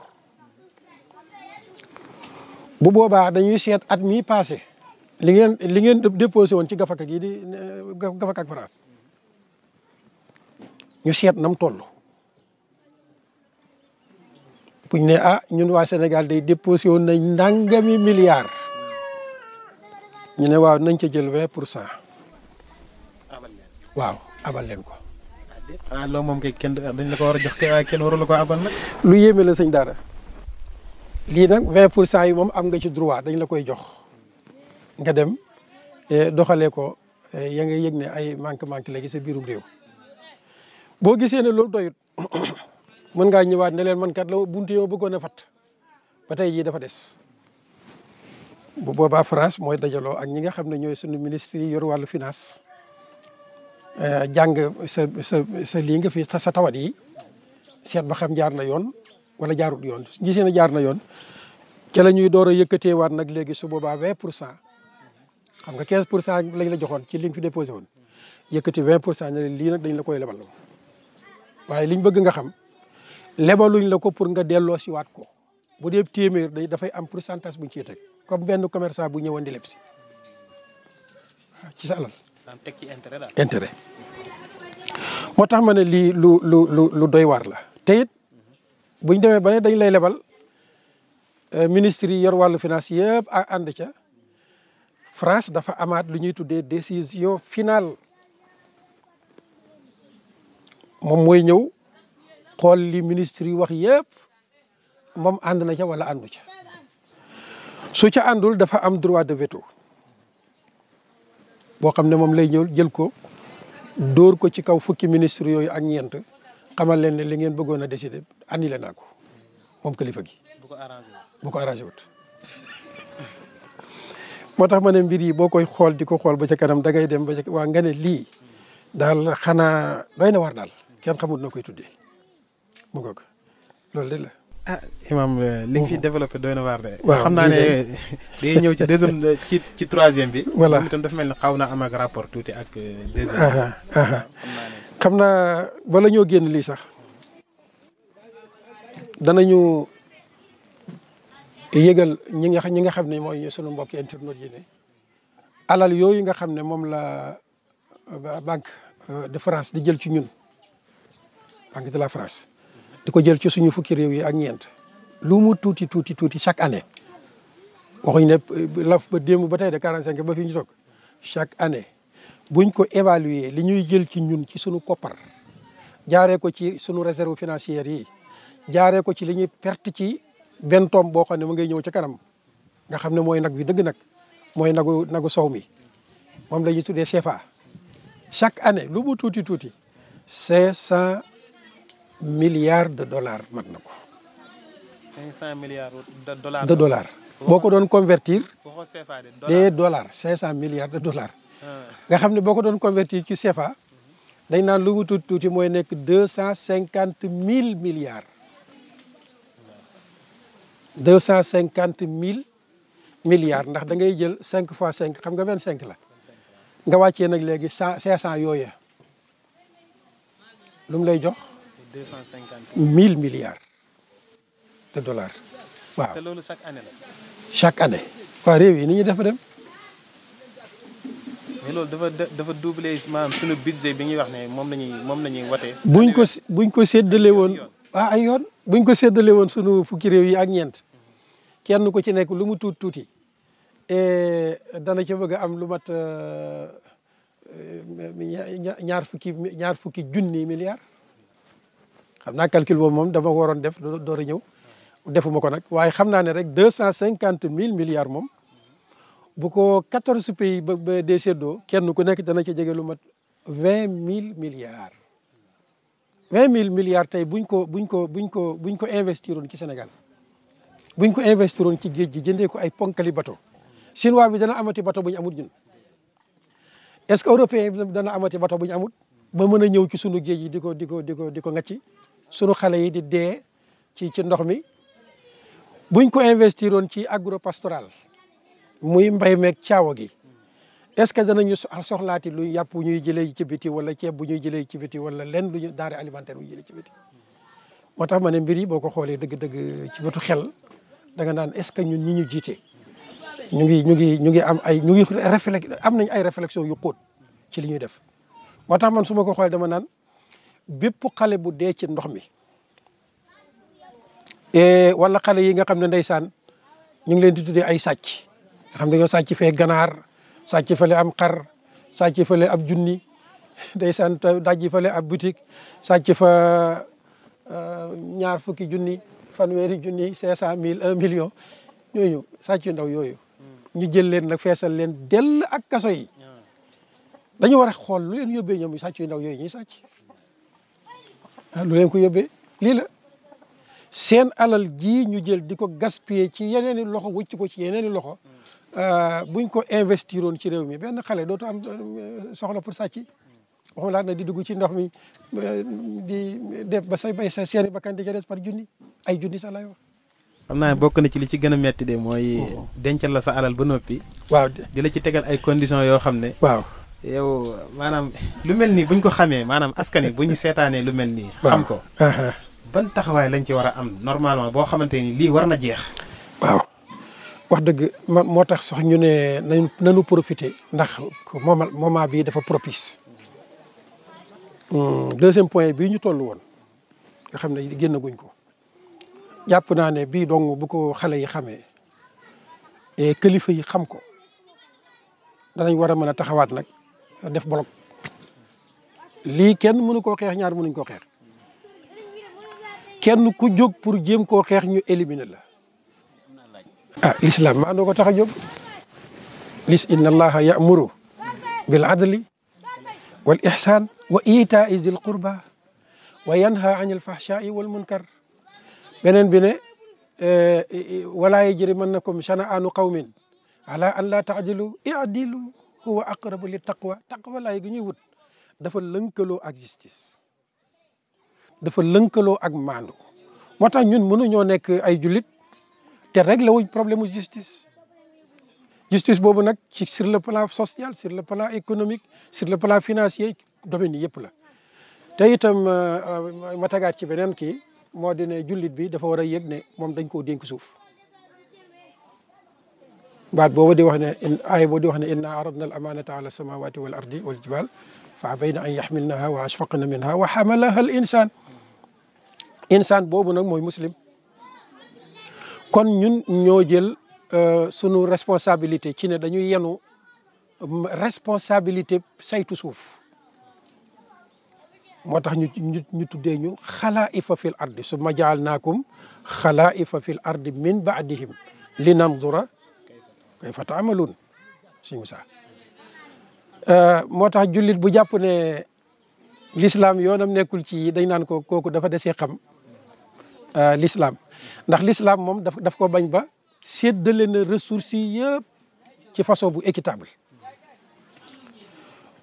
bu boobaa dañuy seet at mii li ngeen li ngeen déposé woon ci gafaka gi di gafaka ak France ñu seet nam toll buñ ne ah ñun waa Sénégal day déposé woon nañ ndàngami milliards ñu ne waaw nañ ca jël vingt pour cent waaw abal leen ko. ah loolu moom kay kenn dañ la ko war a jox kay waaye kenn warul la ko abal nag. lu yéeme la sëñ Daara. lii nag vingt pour cent yi moom am nga ci droit dañ la koy jox nga dem doxalee ko ya nga yëg ne ay manque manque léegi sa biirum réew boo gisee ne loolu doyut mën ngaa ñëwaat ne leen man kat la buntu yoo bëggoon fat ba tey jii dafa des bu boobaa France mooy dajaloo ak ñi nga xam ne ñooy suñu ministre yi yor wàllu finance eh, jàng sa sa sa lii nga fi sa tawat yi seet ba xam jaar na yoon wala jaarut yoon gisee na jaar na yoon ca la ñuy door a yëkkatee waat nag léegi su boobaa 20 pour cent xam nga 15 pour cent lañ la joxoon ci li nga fi déposé woon yëkkati 20 pour cent ne lii nag dañ la koy lebal waaye liñ bëgg nga xam lebaluñ la ko pour nga delloo si ko bu dee téeméer dafay am pourcentage buñ ciy teg comme benn commerçant bu ñëwoon di leb si ci sa alal. daan moo tax ma ne lii lu lu lu doy waar la te bu ñu demee ba ne dañ lay lebal euh, ministres yi yor wàllu finance yëpp a ànd ca France dafa amaat lu ñuy tuddee décision finale moom mooy ñëw xool li ministres yi wax yëpp moom ànd na ca wala àndu ca su ca àndul dafa am droit de veto boo xam ne moom lay ñëw jël ko dóor ko ci kaw fukki ministre yooyu ak ñeent xamal leen ne li ngeen bëggoon a décider annulé naa ko moom kilifa gi. bu ko arrangé wut ko arrangé wut. moo tax ma ne mbir yi boo koy xool di ko xool ba ca kanam dangay dem ba ca waa nga ne lii daal xanaa doy na war daal kenn xamut na koy tuddee mu ko loolu de la. ah imaam eh, li fi développé doy na waar de. waaw xam naa ne day ñëw ci deuxième ci ci troisième bi. voilà moom itam mel ni xaw na am ak rapport tuuti ak. Eh, deuxième bi. xam naa bala ñoo génn lii sax danañu yëgal ñi nga ñi nga xam ne mooy sunu mbokk internet yi ne alal yooyu nga xam ne moom la euh, banque euh, de France di jël ci ñun banque de la France di ko jël ci suñu fukki réew yi ak ñeent lu mu tuuti tuuti tuuti chaque année waxuñ ne euh, laf ba démb ba tey de quarante cinq ba fi ñu toog chaque année buñ ko évaluer li ñuy jël ci ñun ci sunu koppar jaaree ko ci sunu réserve financière yi jaaree ko ci li ñuy perte ci benn tomb boo xam ne mu ngay ñëw ci kanam nga xam ne mooy nag wi dëgg nag mooy nagu nagu sow mi moom la ñuy tuddee CFA. chaque année lu mu tuuti tuuti cinq cent milliards de dollars mat na ko. cinq cent milliards de dollars. de dollars boo ko doon convertir. des dollars cinq cent milliards de dollars. nga xam ne boo ko doon convertir ci CFA dañ naan lu mu tuuti tuuti mooy nekk deux cent cinquante mille milliards deux cent cinquante mille milliards ndax da ngay jël cinq fois cinq xam nga vingt cinq la nga wàccee nag léegi cent cinq cent yooya lu mu lay jox deux cent cinquante mille milliards de dollars waaw loolu chaque année la chaque année waaw réew yi ni ñuy def dem loolu dafa dafa doublé maanaam suñu budget bi ñuy wax ne moom na ñuy moom la ñuy wote buñ ko buñ ko séddale woon ah ay yoon buñ ko séddale woon suñu fukki réew yi ak ñeent kenn ku ci nekk lu mu tuut tuuti dana ca bëgg a am lu mat euh, euh, ñaar fukki ñaar fukki junni milliards xam naa calcul boobu moom dama waroon def door a ñëw defuma ko nag waaye xam naa ne rek deux cent cinquante mille milliards moom bu ko quatorze pays ba ba dee kenn ku nekk dana ci jege lu mat vingt mille milliards vingt mille milliards tey buñ ko buñ ko buñ ko buñ ko investiroon ci Sénégal buñ ko investiroon ci géej gi jëndee ko ay ponkali bateau chinois bi dana amati bateau bu ñu amul ñun est-ce que européen bi dana amati bateau bu ñu amul ba mën a ñëw ci sunu géej yi di ko di ko di ko di ko ngacci sunu xale yi di dee ci ci ndox mi buñ ko investiroon ci agro pastoral muy mbay meeg caawa gi est-ce que danañu soxlaati lu yàpp ñuy jëlee ci biti wala ceeb bu ñuy jëlee ci biti wala lenn lu ñu denrée alimentaire bu ñuy jëlee ci biti moo tax ma ne mbir yi boo ko xoolee dëgg-dëgg ci bëtu xel da nga naan est-ce que ñun ñi ñu jiite ñu ngi ñu ngi ñu ngi am ay ñu ngi réflex am nañ ay réflexion yu xóot ci li ñuy def moo tax man su ma ko xoolee dama naan bépp xale bu dee ci ndox mi eh, wala xale yi nga xam ne ndeysaan ñu ngi leen di tuddee ay sàcc xam ne yow sàcc fee ganaar sàcc fale am xar sàcc fale ab junni day sant dajji fale ab boutique sàcc fa euh, ñaar fukki junni fanweeri junni cinq cent mille million ñooñu sàcc yu yooyu hmm. ñu jël leen feesal leen dell ak kaso yi war a xool lu leen yóbbee ñoom sàcc yu ndaw yooyu ñuy sàcc ah, lu leen lii la seen alal jii ñu jël di ko gaspiller ci yeneeni loxo wëcc ko ci yeneeni loxo hmm. Euh, buñ ko investir woon ci réew mi benn xale dootu am euh, soxla pour sàcc waxuma laa na di dugg ci ndox mi euh, di def ba sa bay sa seeni bakkan di ca des par junni ay junni sax laay wax xam naa bokk na ci li ci gën a metti de mooy dencal la sa alal ba noppi waaw di la ci tegal ay conditions yoo xam ne waaw yow maanaam lu mel nii buñ ko xamee maanaam askan wi bu ñu seetaanee lu mel nii xam ko ban taxawaay lañ ci war a am normalement boo xamante ni lii war na jeex waaw wax dëgg ma moo tax sax ñu ne nañ nañu profité ndax moment moment bii dafa propice. Hmm, deuxième point bii ñu toll woon nga xam ne génn guñ ko jàpp naa ne bii dong bu ko xale yi xamee et kilifa yi xam ko danañ war a mën a taxawaat nag def bloc lii kenn mënu koo xeex ñaar mënuñ koo xeex kenn ku jóg pour jéem koo xeex ñu éliminer la. ah l'islam maa noo ko tax a jóg lis inna allaha ya'muru bil adli wal ihsan wa ita'i zil qurba wa yanha anil fahsha'i wal munkar beneen bi ne eh, wala yajrimannakum shana'anu qawmin ala an la ta'dilu i'dilu huwa aqrabu lit taqwa taqwa laay gi ñuy wut dafa lënkaloo ak justice dafa lënkaloo ak maandu moo tax ñun mënuñoo nekk ay jullit te réglé wuñ problème mu justice justice boobu nag ci sur le plan social sur le plan économique sur le plan financier domaine yëpp la te itam euh, euh, ma tagaat ci beneen kii moo di jullit bi dafa war a yëg ne moom dañ koo dénk suuf baat boobu di wax ne aay boobu di wax ne inna aradna al amanata ala samawati wal ardi wal jibal fa abayna an yaxmilnaha wa ashfaqna minha wa xamalaha al insan insan boobu nag mooy muslim kon ñun ñoo jël euh, sunu responsabilité ci ne dañuy yenu responsabilité saytu suuf moo tax ñu ñu tuddee ñu xalaa'ifa fil ardi summa ja'alnaakum xalaa'ifa fil ardi min ba'dihim li nanzura kayfa ta'maluun suñu saa euh, moo tax jullit bu jàpp ne l'islam yoonam nekkul ci dañ naan ko kooku dafa desee xam euh, l'islam ndax l'islam moom daf daf ko bañ ba séddale na ressources yi yëpp ci façon bu équitable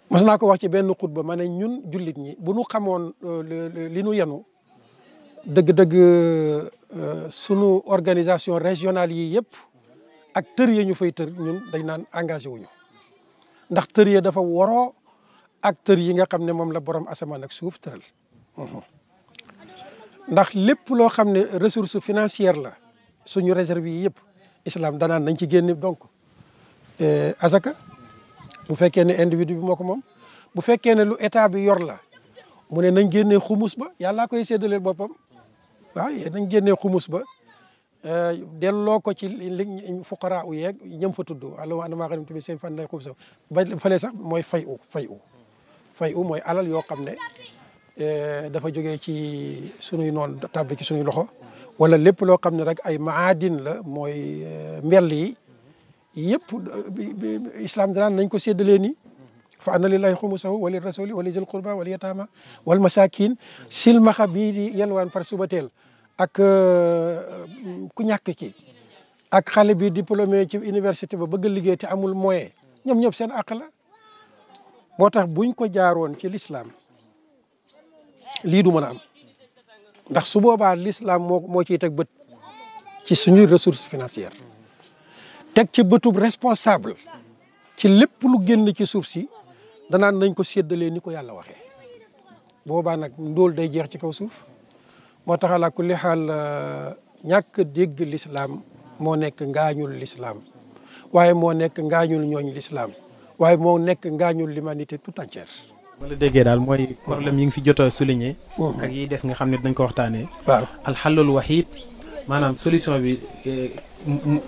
mas naa ko wax ci benn ba ma ne ñun jullit ñi bu ñu xamoon euh, li nu yenu dëgg-dëgg euh, sunu organisation régionale yi yëpp ak tër yi ñu fay tër ñun dañ naan engagé wuñu ndax tër yi dafa woro ak tër yi nga xam ne moom la borom asamaan ak suuf tëral ndax lépp loo xam ne ressource financière la suñu réserve yi yëpp islam danaan nañ ci génne donc eh, asaka bu fekkee ne individu bi moo ko moom bu fekkee ne lu état bi yor la mu ne nañ génnee xumus ba laa koy séddaleel boppam waaw nañ génnee xumus ba eh, delloo ko ci li fuqara wu yeeg ñëm fa tudd allo ana maa xam ne seen fan lay xumus ba fale sax mooy fay u fay u fay u mooy alal yoo xam ne Eh, dafa jógee ci sunuy noon tàbbi ci sunuy loxo wala lépp loo xam ne rek ay maadin la mooy eh, mbell yi yëpp islam danaan nañ ko séddalee ni fa anna lillahi xumusahu wa lirrasuli wa lizil qurba wal yataama wal masakin silmaxa bii di yelwaan par suba teel ak eh, ku ñàkk ki ak xale bi diplômé ci université ba bëgg liggéey te amul moyen ñoom ñëpp seen àq la moo tax buñ ko jaaroon ci l'islam lii du mën a am ndax su boobaa lislaam moo moo ciy teg bët ci suñuy ressource financière teg ci bëtub responsable ci lépp lu génn ci suuf si danaan nañ ko séddalee ni ko yàlla waxee boobaa nag ndóol day jeex ci kaw suuf moo tax ala kulli xaal euh, ñàkk dégg lislaam moo nekk ngaañul lislaam waaye moo nekk ngaañul ñooñ lislaam waaye moo nekk ngaañul l'humanité tout entière ma la déggee daal mooy problème yi nga fi jot a souligné. ak yiy des nga xam ne dañ ko waxtaanee. waaw alxalul waxiit maanaam solution bi eh,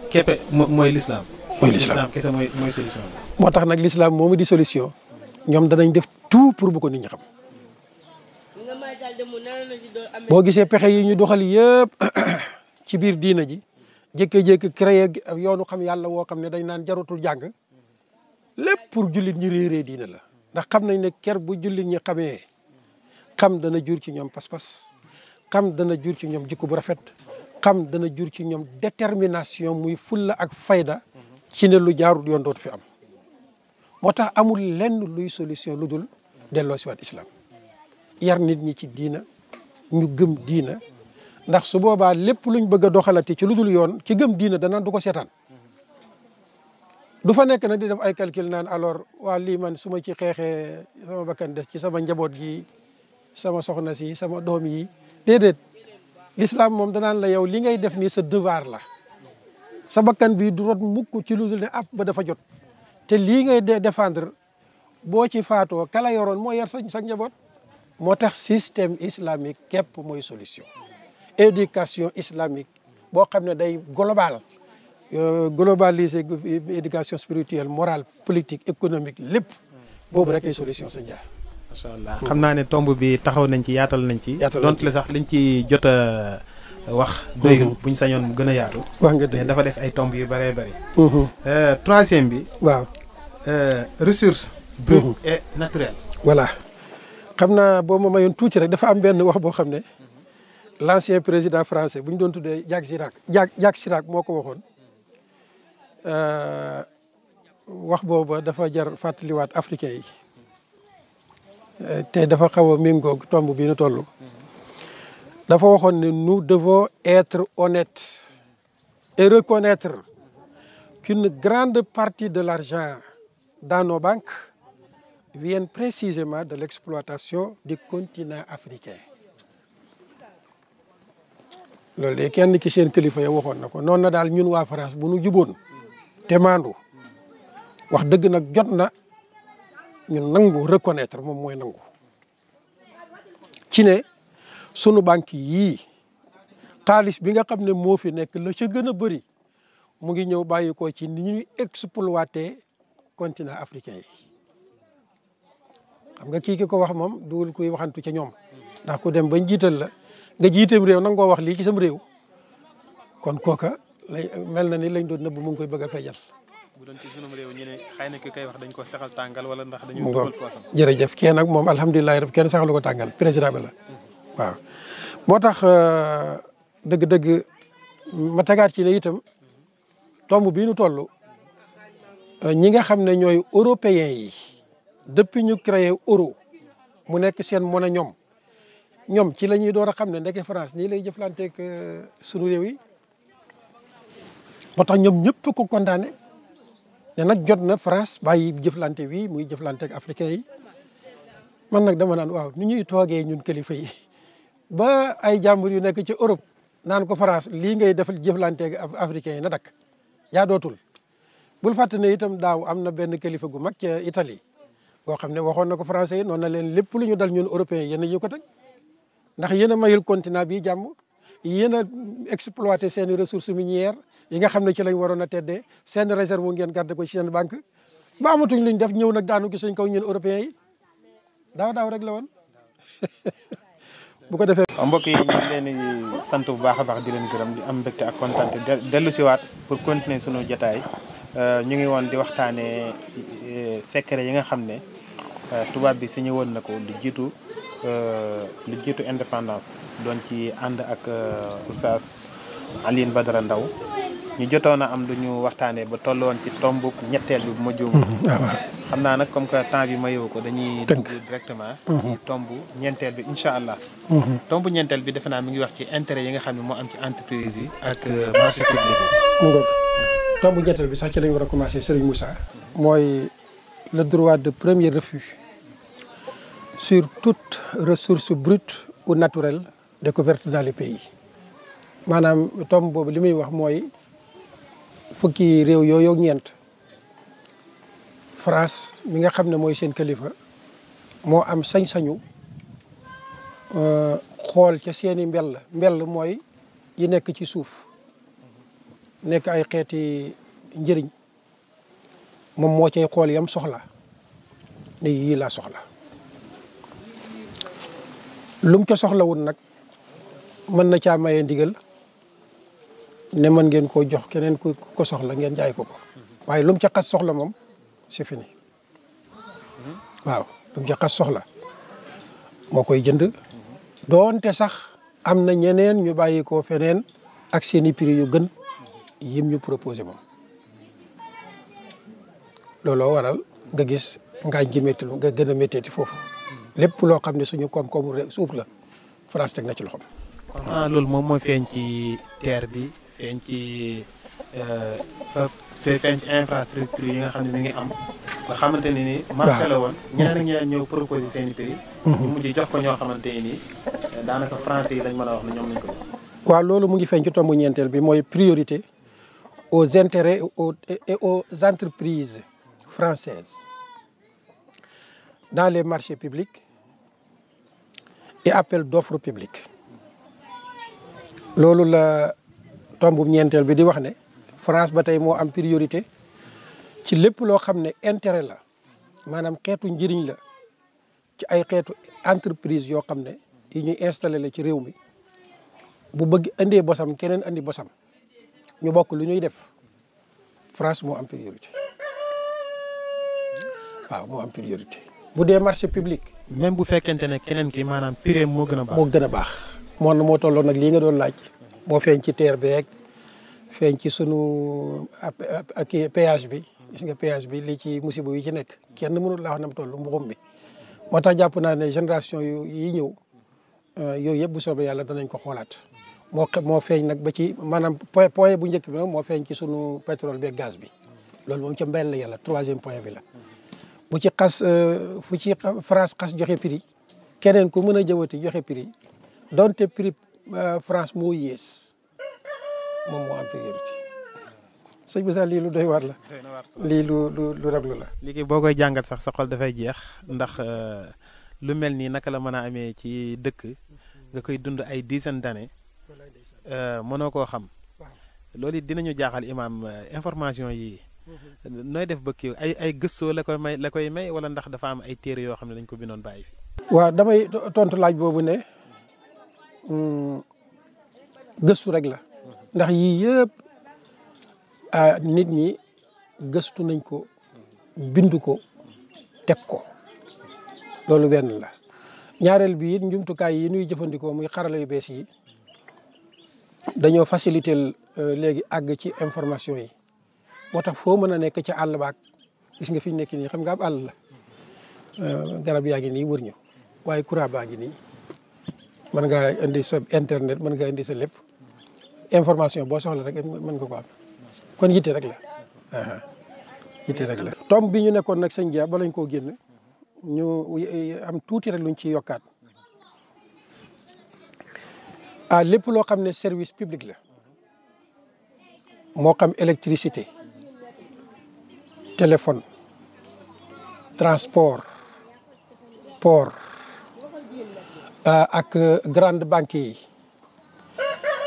képpe mooy lislaam mooy lislaam kese mooy mooy solution bi. moo tax nag lislaam moomu di solution ñoom danañ def tout pour bu ko nit ñi xam. boo gisee pexe yi ñu doxal yëpp ci biir diina ji jékki-jékki créé yoonu xam yàlla woo xam ne dañ naan jarutul jàng lépp pour jullit ñi réeree diina la. ndax xam nañ ne ker bu jullit ñi xamee xam dana jur ci ñoom pas-pas xam dana jur ci ñoom jikko bu rafet xam dana jur ci ñoom détermination muy fulla ak fayda ci ne lu jaarul yoon dootu fi am moo tax amul lenn luy solution lu dul delloo siwaat islam yar nit ñi ci diina ñu gëm diina ndax su boobaa lépp luñ bëgg a doxalati ci lu dul yoon ci gëm diina dana du ko seetaan du fa nekk nag di def ay calcul naan alors waa lii man su ma ci xeexee sama bakkan des ci sama njaboot gi sama soxna si sama doom yi déedéet l'islam moom danaan la yow li ngay def nii sa devoir la sa bakkan bi du rot mukk ci lu dul ne ba dafa jot te lii ngay défendre boo ci faatoo kala yoroon moo yar sa njaboot moo tax système islamique képp mooy solution éducation islamique boo xam ne day global Euh, globaliser éducation spirituelle morale politique économique lépp boobu rek ay solution sa njaay macha xam naa ne tomb bi taxaw nañ ci yaatal nañ ci donte le sax liñ ci jot a euh, wax doyul mhm. buñ sañoon mu gën a yaatu wax nga dëgg dafa des ay tomb yu bëree bëri mhm. euh, troisième bi waaw ressource brute mhm. et naturelle voilà xam naa boo ma mayoon tuuti rek dafa am benn wax boo xam ne l'ancien président français bu ñu doon tuddee Jacques Chirac Jacques Chirac moo ko waxoon Euh, wax booba dafa jar fàttaliwaat africain yi euh, te dafa xaw a méngóog tomb bi nu toll. dafa waxoon ne nous devons être honnêtes et reconnaître qu'une grande partie de l'argent dans nos banques vient précisément de l'exploitation du continent africain. loolu de kenn ki seen kilifa ya waxoon na ko noon na daal ñun waa France bu nu juboon. te maandu wax dëgg nag jot na ñu nangu reconnaître moom mooy nangu ci ne sunu banque yii xaalis bi nga xam ne moo fi nekk la ca gën a bëri mu ngi ñëw bàyyi ko ci ni ñuy exploité continent africain yi xam nga kii ki ko wax moom dugul kuy waxantu ca ñoom ndax ku dem bañ jiital la nga jiiteem réew nangoo wax lii sam réew kon kooka lay mel na ni lañ doon nëbb mu ngi koy bëgg a feeñal. bu doon ci sunum réew ñu ne xëy na ki kay wax dañ ko saxal tàngal wala ndax dañu dugal poosam jërëjëf kee nag moom alhamdulilah rek kenn saxalu ko tàngal président bi la mhm. waaw. moo tax euh, dëgg-dëgg ma tegaat ci ne itam tomb bii nu toll euh, ñi nga xam ne ñooy européens yi depuis ñu créé euro mu nekk seen monnaie ñoom ñoom ci la ñuy door a xam ne ndeke France nii lay jëflanteeg euh, sunu réew yi. moo tax ñoom ñëpp ko condamné ne nag jot na France bàyyi jëflante wi muy jëflante ak africain yi man nag dama naan waaw nu ñuy toogee ñun kilifa yi ba ay jàmbur yu nekk ci Europe naan ko France lii ngay def jëflante ak africain yi na dakk yaa dootul bul fàtte ne itam daaw am na benn kilifa gu mag ca Italie boo xam ne waxoon na ko france yi noonu na leen lépp lu ñu dal ñun européens yéen a ko teg ndax yéen a mayul continent bi jàmm yéen a exploité seeni ressources minières yi nga xam ne ci lañ waroon a teddee seen réserve wu ngeen garder ko ci seen banque ba amatuñ luñ def ñëw nag daanu gisuñ kaw ñun européens daaw daaw rek la woon bu ko defee. Ah, mbokk yi ñu ngi sant bu baax a baax di leen gërëm di am mbégte ak kontaan dellu si waat pour continuer sunu euh, ñu ngi woon di waxtaanee euh, secret yi nga xam ne euh, tubaab bi sañu woon na ko di jiitu. li jiitu indépendance doon ci ànd ak oustaz ba Badara ndaw ñu jotoon a am lu ñu waxtaanee ba tolloon ci tomb ñetteel bi bu ma juum. xam naa nag comme que temps bi ma ko dañuy. tënk directement. Mhm. tomb ñeenteel bi incha allah. Mhm. tomb ñeenteel bi defe naa mi ngi wax ci intérêt yi nga xam ne moo am ci entreprise yi. ak euh, marché public yi. mu bi sax ci lañ war a commencé Serigne Moussa. mooy le droit de premier refus sur toute ressource brute ou de découverte daal le pays maanaam tomb boobu li muy wax mooy. fukki réew yooyu ak ñeent France mi nga xam ne mooy seen kilifa moo am sañ-sañu euh, xool ca seeni mbel mbell mooy yi nekk ci suuf nekk ay xeeti njëriñ moom moo cay xool yam soxla ne yii laa soxla lum ca soxlawul nag mën na caa maye ndigal ne ngeen koo jox keneen ku ko soxla ngeen jaay ko ko waaye lu mu xas soxla moom c'est fini waaw lu mu ca xas soxla moo koy jënd doonte sax am na ñeneen ñu bàyyi ko feneen ak seeni prix yu gën yim ñu proposé moom looloo waral nga gis ngaa ji métti nga gën a métteeti foofu lépp loo xam ne suñu koom-koomu suuf la France teg na ci loxoom. ah loolu moom moo feeñ ci terre bi. ci euh, feeñ ci infrastructure yi nga xam ne mi ngi am nga xamante ne ni marché la woon ñeneen ak ñeneen ñëw proposé seen i prix mhm. ñu mujj jox ko ñoo xamante ni daanaka français yi lañ mën a wax ne ñoom lañ ko waaw loolu mu ngi feeñ ci tombu ñeenteel bi mooy priorité aux intérêts et aux entreprises françaises dans les marchés publics et appel d'offres publiques loolu la tombu ñeenteel bi di wax ne France ba tey moo am priorité ci lépp loo xam ne intérêt la maanaam xeetu njëriñ la ci ay xeetu entreprise yoo xam ne yi ñuy installé la ci réew mi bu bëgg indee bosam keneen indi bosam ñu bokk lu ñuy def France moo am priorité waaw moo am priorité. bu dee marché public. même bu fekkente ne keneen ki maanaam prix moo gën a baax. moo gën a baax moo moo tolloon nag lii nga doon laaj. moo feeñ ci TER bi rek feeñ ci sunu ak ah, ah, péage bi gis nga péage bi li ci musiba yi ci nekk kenn mënul laa wax nam tollu mbuxum bi moo tax jàpp naa ne génération yu yi ñëw euh, yooyu yëpp bu soobee yàlla danañ ko xoolaat moo moo feeñ nag ba ci maanaam point point bu njëkk bi nag moo feeñ ci sunu pétrole beeg gaz bi loolu moom ca mbel la yàlla troisième point bi la bu ci xas euh, fu ci France xas joxe prix keneen ku mën a jëwati joxe prix donte Euh, France moo yées moom moo am priorité sëñ bi sax lii lu doy waar la. lii lu lu lu raglu la. léegi boo koy jàngat sax sa xol dafay jeex ndax euh, lu mel nii naka la mën a amee ci dëkk nga koy dund ay dizaine d'années euh, mënoo koo xam loolu it dinañu jaaxal imaam information yi mm-hmm. nooy def ba kii ay ay gëstoo la koy may la may wala ndax dafa am ay téere yoo xam ne dañ ko bindoon bàyyi fi. waaw damay tontu laaj boobu ne. Hmm. gëstu rek la ndax yii yëpp nit ñi gëstu nañ ko bindu ko teg ko loolu benn la ñaareel bi it njumtukaay yi nuy jëfandikoo muy xarala yu bees yi dañoo facilité euh, léegi àgg ci information yi moo tax foo mën a nekk ci àll baag gis nga fi ñu nekk nii xam nga ab àll la euh, garab yaa ngi nii wër ñu waaye kura baa ngi nii mën ngaa indi sa internet mën ngaa indi sa lépp information boo soxla rek mën nga ko am kon yitte rek la yitte rek la tomb bi ñu nekkoon nag sëñ Dia ba lañ koo génn ñu am tuuti rek luñ ci yokkaat a ah, lépp loo xam ne service public la moo xam électricité téléphone transport port Euh, ak euh, grande banque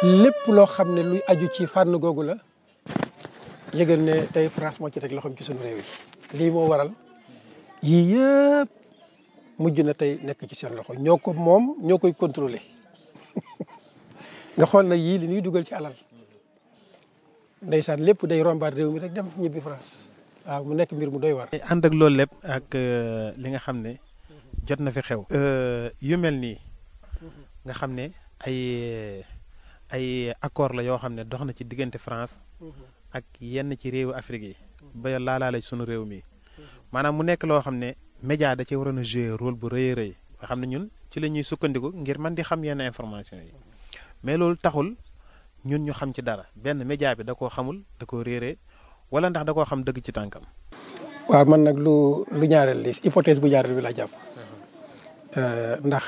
yi lépp loo xam ne luy aju ci fànn googu la yëgal ne tey France moo ci teg loxoom ci suñu réew yi lii moo waral yii yëpp mujj na tey nekk ci seen loxo ñoo ko moom ñoo koy contrôler nga xool na yii li ñuy dugal ci alal ndeysaan lépp day rombaat réew mi rek dem ñibbi France waaw mu nekk mbir mu doy war ànd ak loolu lépp ak euh, li nga xam ne jot na fi xew yu mel nii nga xam ne ay ay accord la yoo xam ne dox na ci diggante France mhm. ak yenn ci réewu Afrique yi mhm. ba laalaale sunu réew mi mhm. maanaam mu nekk loo xam ne média da cee waroon a jouer rôle bu rëy a rëy xam ne ñun ci lañuy sukkandiku ngir man di xam yenn information yi mais loolu taxul ñun ñu xam ci dara benn média bi da koo xamul da ko réeree wala ndax da koo xam dëgg ci tànkam. waaw man nag lu lu ñaareel li hypothèse bu ñaareel bi laa jàpp euh, ndax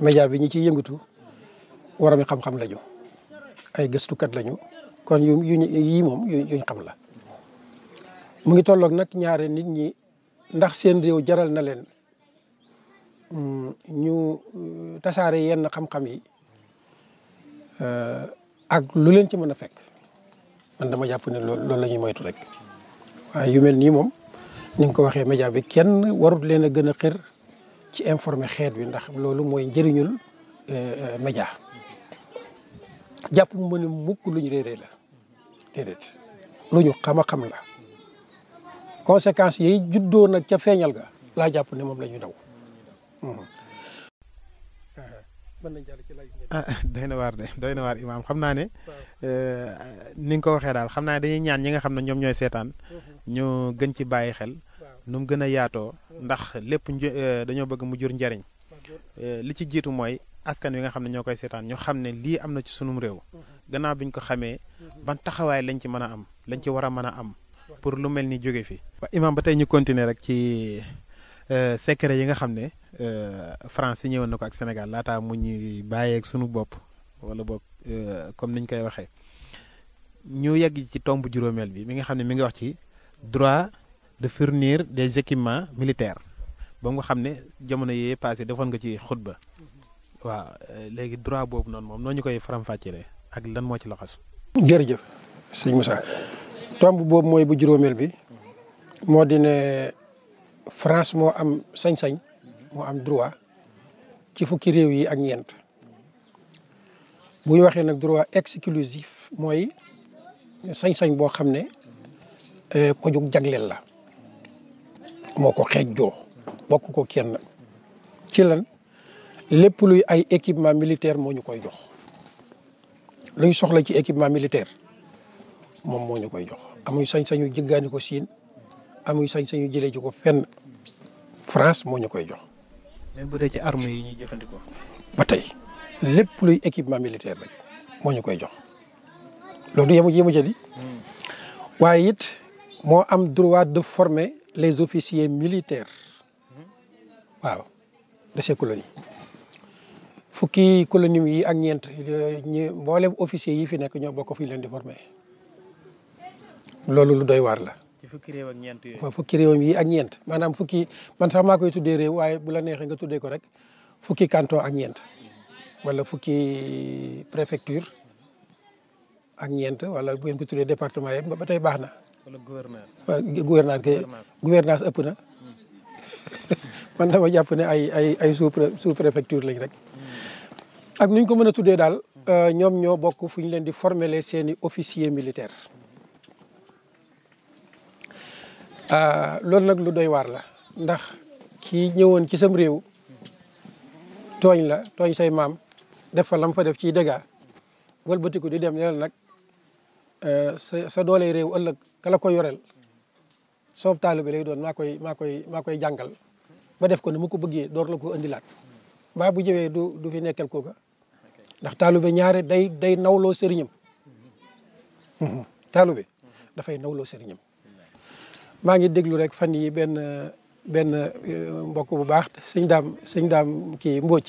média bi ñu ciy yëngatu waram yi xam-xam lañu ay gëstukat lañu kon yu yu yii moom yuñ xam la mu ngi tolloog nag ñaare nit ñi ndax seen réew jaral na leen mm, ñu euh, tasaare yenn xam-xam yi euh, ak lu leen ci mën a fekk man dama jàpp ne loolu la moytu rek waaye yu mel nii moom ni ko waxee média bi kenn warut leen a gën a xër ci informer xeet bi ndax loolu mooy njëriñul euh, euh, média jàpp mu ne mukk lu ñu réeree la lu ñu xam a xam la conséquences yi juddoo nag ca feeñal ga laa jàpp ni moom la ñu daw hmm. ah, doy na waar de doy na waar imaam xam naa ne euh, ni nga ko waxee daal xam naa dañuy ñaan ñi nga xam ne ñoom ñooy seetaan mhm. ñu gën ci bàyyi xel nu mu gën a yaatoo ndax lépp euh, dañoo bëgg mu jur njariñ euh, li ci jiitu mooy askan wi nga xam ne ñoo koy seetaan ñu xam ne lii am na ci sunum réew gannaaw bi ñu ko xamee ban taxawaay lañ ci mën a am lañ ci war a mën a am pour lu mel ni jóge fi waa ba tey ñu continuer rek ci euh, secret yi nga xam ne France si ñëwoon na ko ak Sénégal laataa mu ñuy bàyyeek sunu bopp wala bopp comme niñ koy waxee ñu yegg ci tomb juróomeel bi mi nga xam ne mi ngi wax ci droit de fournir des équipements militaires ba nga xam ne jamono yee passé defoon nga ci xutba waaw léegi droit boobu noonu moom noo ñu koy faram-fàccelee ak lan moo ci laxas jërëjëf sëñ Moussa tomb boobu mooy bu juróomeel bi moo di ne France moo am sañ-sañ moo am droit ci fukki réew yi ak ñeent buy waxee nag droit exclusif mooy sañ-sañ boo xam ne eh, ko jug jagleel la moo ko joo bokk ko kenn ci lan lépp luy ay équipement militaire moo ñu koy jox luñ soxla ci équipement militaire moom moo ñu koy jox amuñ sañ-sañu jëggaani ko siin amuñ sañ-sañu jëlee ji ko fenn France moo ñu koy jox. même bu dee ci armes yi ñuy jëfandikoo. ba tey lépp luy équipement militaire rek moo ñu koy jox loolu yemu yemu jëli waaye it moo am droit de former les officiers militaires waaw de ces colonies fukki colonie yi ak ñeent ñi mboolem officiers yi fi nekk ñoo bokk fu leen di former loolu lu doy waar la. ci fukki réew ak ñeent yooyu. fukki réew yi ak ñeent maanaam fukki man sax maa koy tuddee réew waaye bu la neexee nga tuddee ko rek fukki canton ak ñeent wala fukki préfecture ak ñeent wala bu ngeen ko tuddee département yëpp ba tey baax na. wala gouverneur. waaw gouverneur kay gouvernance ëpp na hmm. man dama jàpp ne ay ay ay sous sous préfecture lañ rek. Hmm. ak nuñ ko mën a tuddee daal euh, ñoom ñoo bokk fu ñu leen di formeler seen i officier militaire hmm. euh, loolu nag lu doy waar la ndax kii ñëwoon ci sam réew tooñ la tooñ say maam def fa lam fa def ciy dégâts wëlbatiku di dem ne la nag Eh, sa sa doole réew ëllëg ka la ko yoreel soob taalibe lay doon maa koy maa koy maa koy jàngal ba def ko ne mu ko bëggee door la ko indilaat baa bu jëwee du du fi nekkal kooka ndax taalibe ñaare day day nawloo sëriñam mhm. taalibe dafay nawloo sëriñam maa ngi déglu rek fan yi benn benn eh, mbokk bu baax sëñ daam sëñ daam kii Mbóoj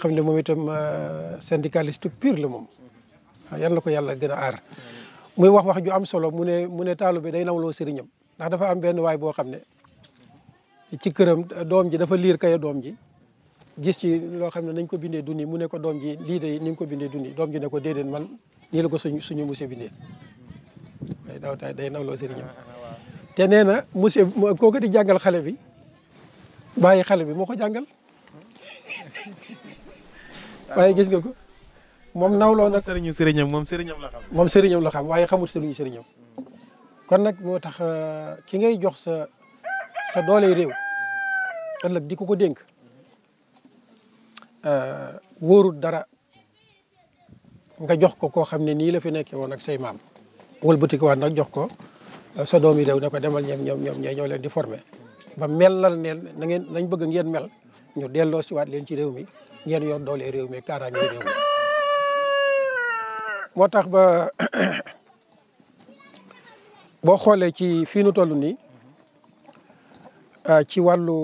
xam ne moom itam eh, syndicaliste pur la moom yal na ko yàlla gën a aar muy wax wax ju am solo mu ne mu ne taalu bi day nawloo sëriñam ndax dafa am benn waay boo xam ne ci këram doom ji dafa liir kaye doom ji gis ci loo xam ne nañ ko bindee duni mu ne ko doom ji lii de ni nga ko bindee duni doom ji ne ko déedéet man nii la ko suñu suñu monsieur bindee day day nawloo sëriñam te nee na monsieur kooku di jàngal xale bi bàyyi xale bi moo ko jàngal waaye gis nga ko moom nawloo nag sëriñu sëriñam moom sëriñam la xam. moom sëriñam la xam waaye xamut sëriñu sëriñam kon nag moo tax euh, ki ngay jox sa sa doole réew ëllëg di ko ko dénk euh, wóorut dara nga jox ko koo xam ne nii la fi nekkee woon ak say maam wëlbati ko waat nag jox ko euh, sa doom yi réew ne ko demal ñoom ñoom ñoom ñooy ñoo leen di former ba melal neen na ngeen nañ bëgg ngeen mel ñu delloo si waat leen ci réew mi ngeen yoon doole réew mi kaaraange réew moo tax ba boo xoolee ci fii nu toll nii ah, ci wàllu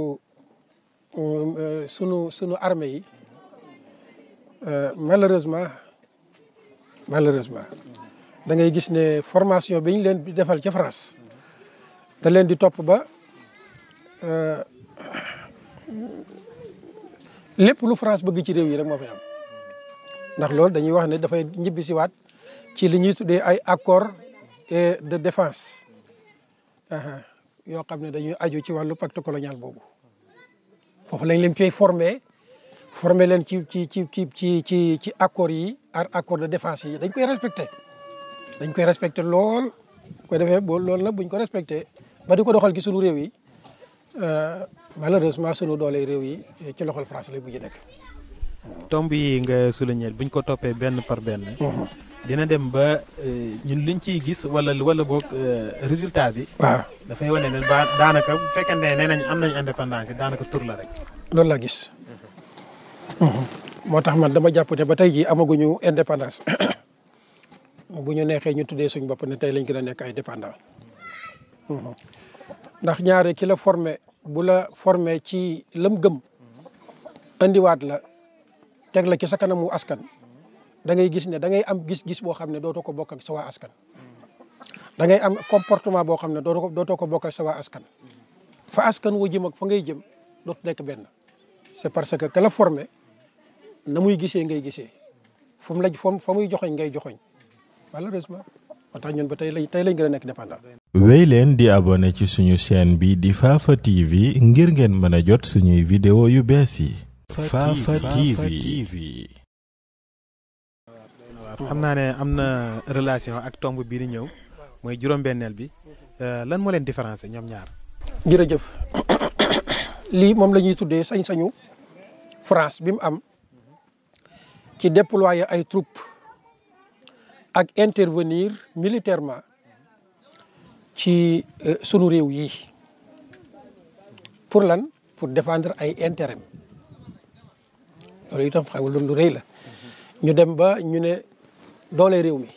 um, eh, sunu sunu armée yi eh, malheureusement malheureusement da ngay gis ne formation bi ñu leen di defal ca France da leen di topp ba eh, lépp lu France bëgg ci réew yi rek moo fay am. ndax loolu dañuy wax ne dafay waat ci li ñuy tuddee ay accord de défense yoo xam ne dañuy aju ci wàllu pacte colonial boobu foofu lañ leen cay formé formé leen ci ci ci ci ci ci accords yi ar accord de défense yi dañ koy respecté dañ koy respecté lool ko defee bo loolu nag buñ ko respecté ba di ko doxal ci sunu réew yi euh, malheureusement sunu doole réew yi ci loxol français la bu ji nekk tomb yi nga bu ñu ko toppee benn par benn. Mhm. dina dem ba euh, ñun liñ ciy gis wala wala boog euh, résultat bi. waaw dafay wane ne ba daanaka bu fekkente ne nee nañ am nañ indépendance yi daanaka tur rek. loolu la gis. Mhm. moo tax man dama jàpp ne ba tey jii amaguñu indépendance bu ñu neexee ñu tuddee suñu bopp ne tey lañ ko a nekk ay dépendant mhm. ndax ñaare ki forme bula bu ci lëm gëm. indiwaat la tegle ci sa kanamu askan da ngay gis ne da ngay am gis-gis boo xam ne dootoo ko bokk ak sa waa askan. da ngay am comportement boo xam ne dootoo ko dootoo ko bokk ak sa waa askan fa askan woo jëm ak fa ngay jëm dootu nekk benn. c'est parce que ka na muy gisee ngay gisee fu mu la fa muy joxoñ ngay joxoñ malheureusement moo tax ñun ba tey lañ tey lañ gën nekk dépendant. wéy leen di abonné ci suñu chaîne bi di Fafa TV ngir ngeen mën a jot suñuy vidéo yu bees yi. Fafa TV xam naa ne am na relation ak tomb bii di ñëw mooy juróom-benneel bi euh, lan moo leen différence ñoom ñaar. jërëjëf lii moom lañuy tuddee sañ-sañu France bi mu am ci déployer ay troupes ak intervenir militairement ci euh, sunu réew yi pour lan pour défendre ay intérêt. loolu itam xam nga lu rëy la ñu dem ba ñu ne doole réew mi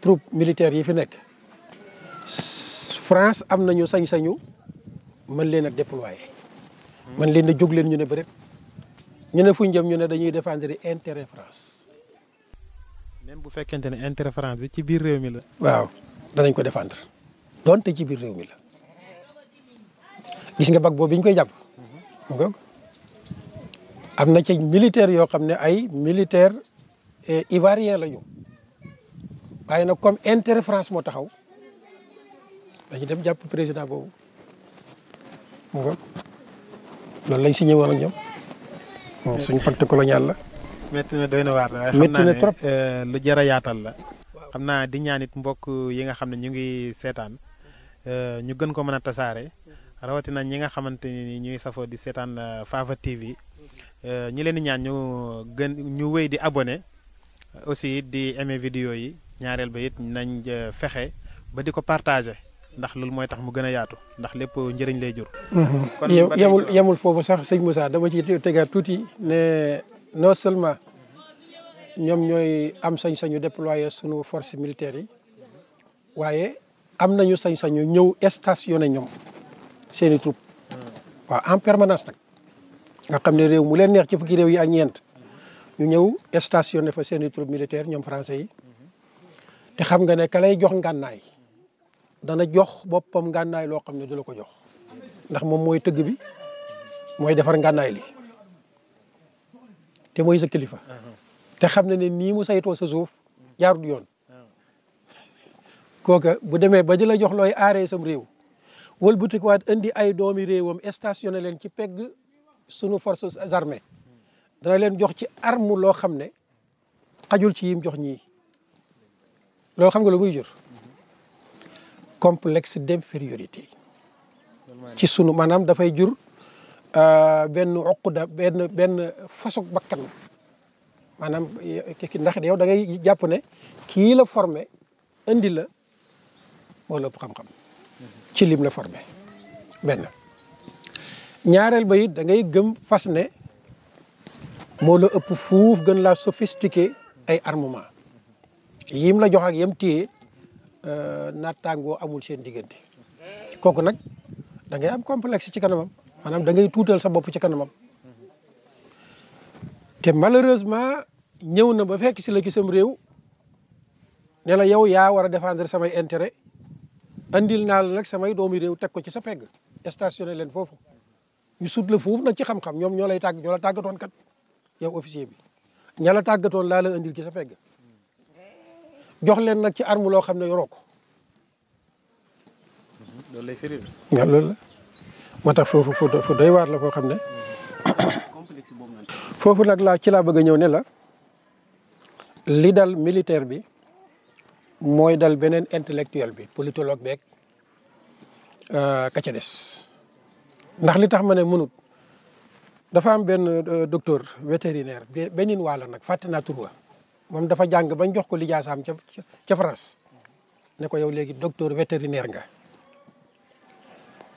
troupe militaire yi fi nekk France am nañu sañ-sañu mën leen ak déployer mën leen a jóg leen ñu ne bëri ñu ne fuñ jëm ñu ne dañuy défendre intérêt France même bu fekkente ne intérêt France bi ci biir réew mi la waaw danañ ko défendre donte ci biir réew mi la gis nga bag boobu bi ñu koy jàpp am na ci militaire yoo xam ne ay militaire eh, ivoirien la ñu waaye nag comme intérêt France moo taxaw dañu dem jàpp président boobu mu loolu lañ si woon ak ñoom moom suñ pacte colonial la métti na doy na waar la waaye xam naa ne eh, lu jar yaatal la xam naa di ñaanit mbokk yi nga xam ne ñu ngi seetaan eh, ñu gën ko mën a tasaare rawatina ñi nga xamante ni ñuy safoo di seetaan Fafa TV Euh, ñi leen di ñaan ñu gën ñu wéy di abone euh, aussi di aimer vidéo yi ñaareel ba it nañ euh, fexe ba di ko partagé ndax loolu mooy tax mu gën a yaatu ndax lépp njëriñ lay jur. Mhm. kon yemul yemul foofu sax sëñ Moussa dama ci tegaat tuuti ne non seulement ñoom ñooy am sañ-sañu déployer sunu force militaire yi waaye am nañu sañ-sañu ñëw stationné ñoom seen i troupe hmm. waaw en permanence nag. nga xam ne réew mu leen neex ci fukki réew yi ak ñeent ñu ñëw stationné fa seen i troupe militaire ñoom français yi te xam nga ne ka lay jox ngànnaay dana jox boppam ngànnaay loo xam ne du la ko jox ndax moom mooy tëgg bi mooy defar ngànnaay li te mooy sa kilifa te xam ne ne niimu mu saytoo sa suuf jaarut yoon kooka bu demee ba di la jox looy aaree sam réew wëlbatikuwaat indi ay doomi réewam stationné leen ci pegg sunu force armées dana leen jox ci arme loo xam ne xajul ci yim jox ñii loolu xam nga lu muy jur complexe d'infériorité ci sunu maanaam dafay jur euh, benn uquda benn benn fasuk bakkan maanaam ndax yow da ngay jàpp ne kii la formé indi la moo la ëpp xam-xam ci lim la formé benn ñaareel ba it da ngay gëm fas ne moo la ëpp fuuf gën la sophistiqué ay armement yim la jox ak yam téye euh, naataangoo amul seen diggante kooku nag dangay am complex ci kanamam maanaam da ngay tuutal sa bopp ci kanamam te malheureusement ñëw na ba fekk si la gisam réew ne la yow yaa war a défendre samay intérêt andil naa la nag samay doomi réew teg ko ci sa pegg stationné leen foofu ñu suut la foofu nag ci xam-xam ñoom ñoo lay tàgg ñoo tàggatoon kat yow officier bi ña la tàggatoon laa la indil ci sa fegg jox leen nag ci armu loo xam ne yoroo loolu lay moo tax foofu fu doy waar la koo xam ne. complexe boobu foofu nag laa ci laa bëgg a ñëw ne la li dal militaire bi mooy dal beneen intellectuel bi politologue beeg euh, ka ca des. ndax li tax ma ne mënut dafa am benn euh, docteur vétérinaire beneen waa la nag fàtte naa tur moom dafa jàng bañ jox ko lijaasaam ca ca France ne ko yow léegi docteur vétérinaire nga.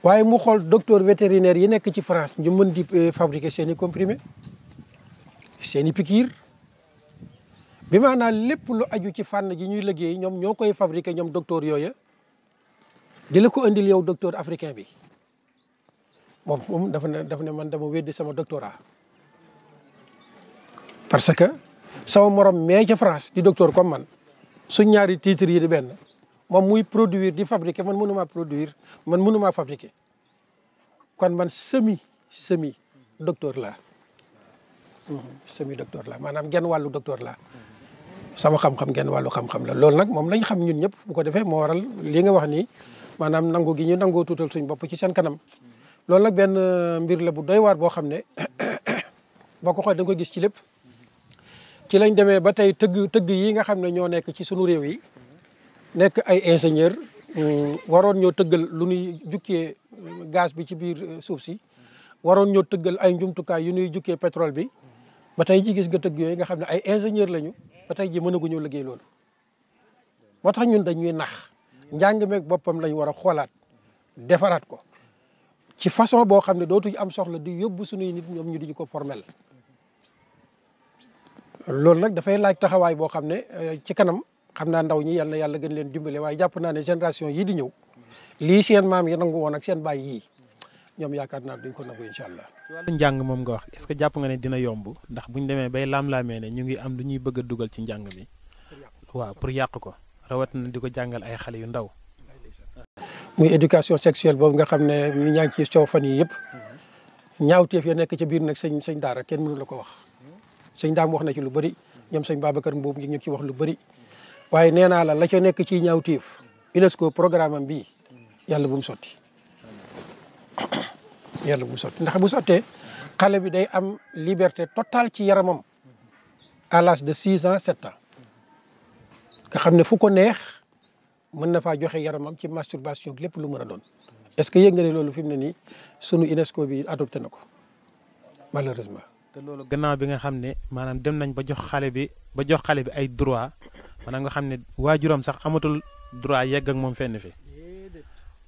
waaye mu xool docteur vétérinaire yi nekk ci France ñu mën di euh, fabriquer seeni i seeni seen bi maa bi lépp lu aju ci fànn ji ñuy liggéey ñoom ñoo koy fabriquer ñoom docteur yooyu di la ko indil yow docteur africain bi. moom moom dafa ne dafa ne man dama weddi sama doctorat parce que sama morom mee ca France di doctor comme man su ñaari titres yi di benn moom muy produire di fabriquer man mënumaa produire man mënumaa fabriquer kon man semi semi docteur la mhm, semi docteur laa maanaam genn wàllu docteur la sama xam-xam genn wàllu xam-xam la loolu nag moom lañ xam ñun ñëpp bu ko defee moo waral lii nga wax nii maanaam nangu gi ñu nangoo tuutal suñ bopp ci seen kanam loolu nag benn euh, mbir la bu doy waar boo xam ne boo ko xoolee da nga koy gis ci lépp ci lañ demee ba tey tëgg tëgg yi nga xam ne ñoo nekk ci sunu réew yi nekk ay ingénieur waroon ñoo tëggal lu ñuy jukkee euh, gaz bi ci biir euh, suuf si waroon ñoo tëggal ay njumtukaay yu ñuy jukkee pétrole bi ba tey ji gis nga tëgg yooyu nga xam ne ay ingénieur lañu ba tey ji mënaguñu liggéey loolu moo tax ñun dañuy nax njàng meek boppam lañ war a xoolaat defaraat ko ci façon boo xam ne dootuñu am soxla di yóbbu suñuy nit ñoom ñu diñu ko formel loolu nag dafay laaj taxawaay boo xam ne euh, ci kanam xam naa ndaw ñi yal na yàlla gën leen dimbale waaye jàpp naa ne génération yii di ñëw lii seen maam yi nangu woon ak seen baay yii ñoom yaakaar naa duñ ko nangu incha allah. ci njàng moom nga wax est-ce que jàpp nga ne dina yomb ndax buñ demee bay laam-laamee ne ñu ngi am du ñuy bëgg dugal ci njàng mi waaw pour yàq ko rawat na di ko jàngal ay xale yu ndaw muy éducation sexuelle boobu nga xam ne ñu ñaa ngi ci coow fan yi yëpp ñaawteef ya nekk ci biir nag sëñ sëñ daara kenn mënu la ko wax sëñ daam wax na ci lu bari ñoom sëñ Babacar Mbuub ñu ngi ci wax lu bëri waaye nee naa la la ca nekk ci ñaawteef UNESCO programme am bi yàlla bu sotti yàlla bu sotti ndax bu sottee xale bi day am liberté totale ci yaramam à l'âge de six ans sept ans nga xam ne fu ko neex mën na faa joxe yaramam ci masturbation lépp lu mën a doon est-ce que yëg nga ne loolu fi mu ne nii sunu UNESCO bi adopté na ko malheureusement. te loolu gannaaw bi nga xam ne maanaam dem nañ ba jox xale bi ba jox xale bi ay droit maanaam nga xam ne waajuram sax amatul droit yegg ak moom fenn fi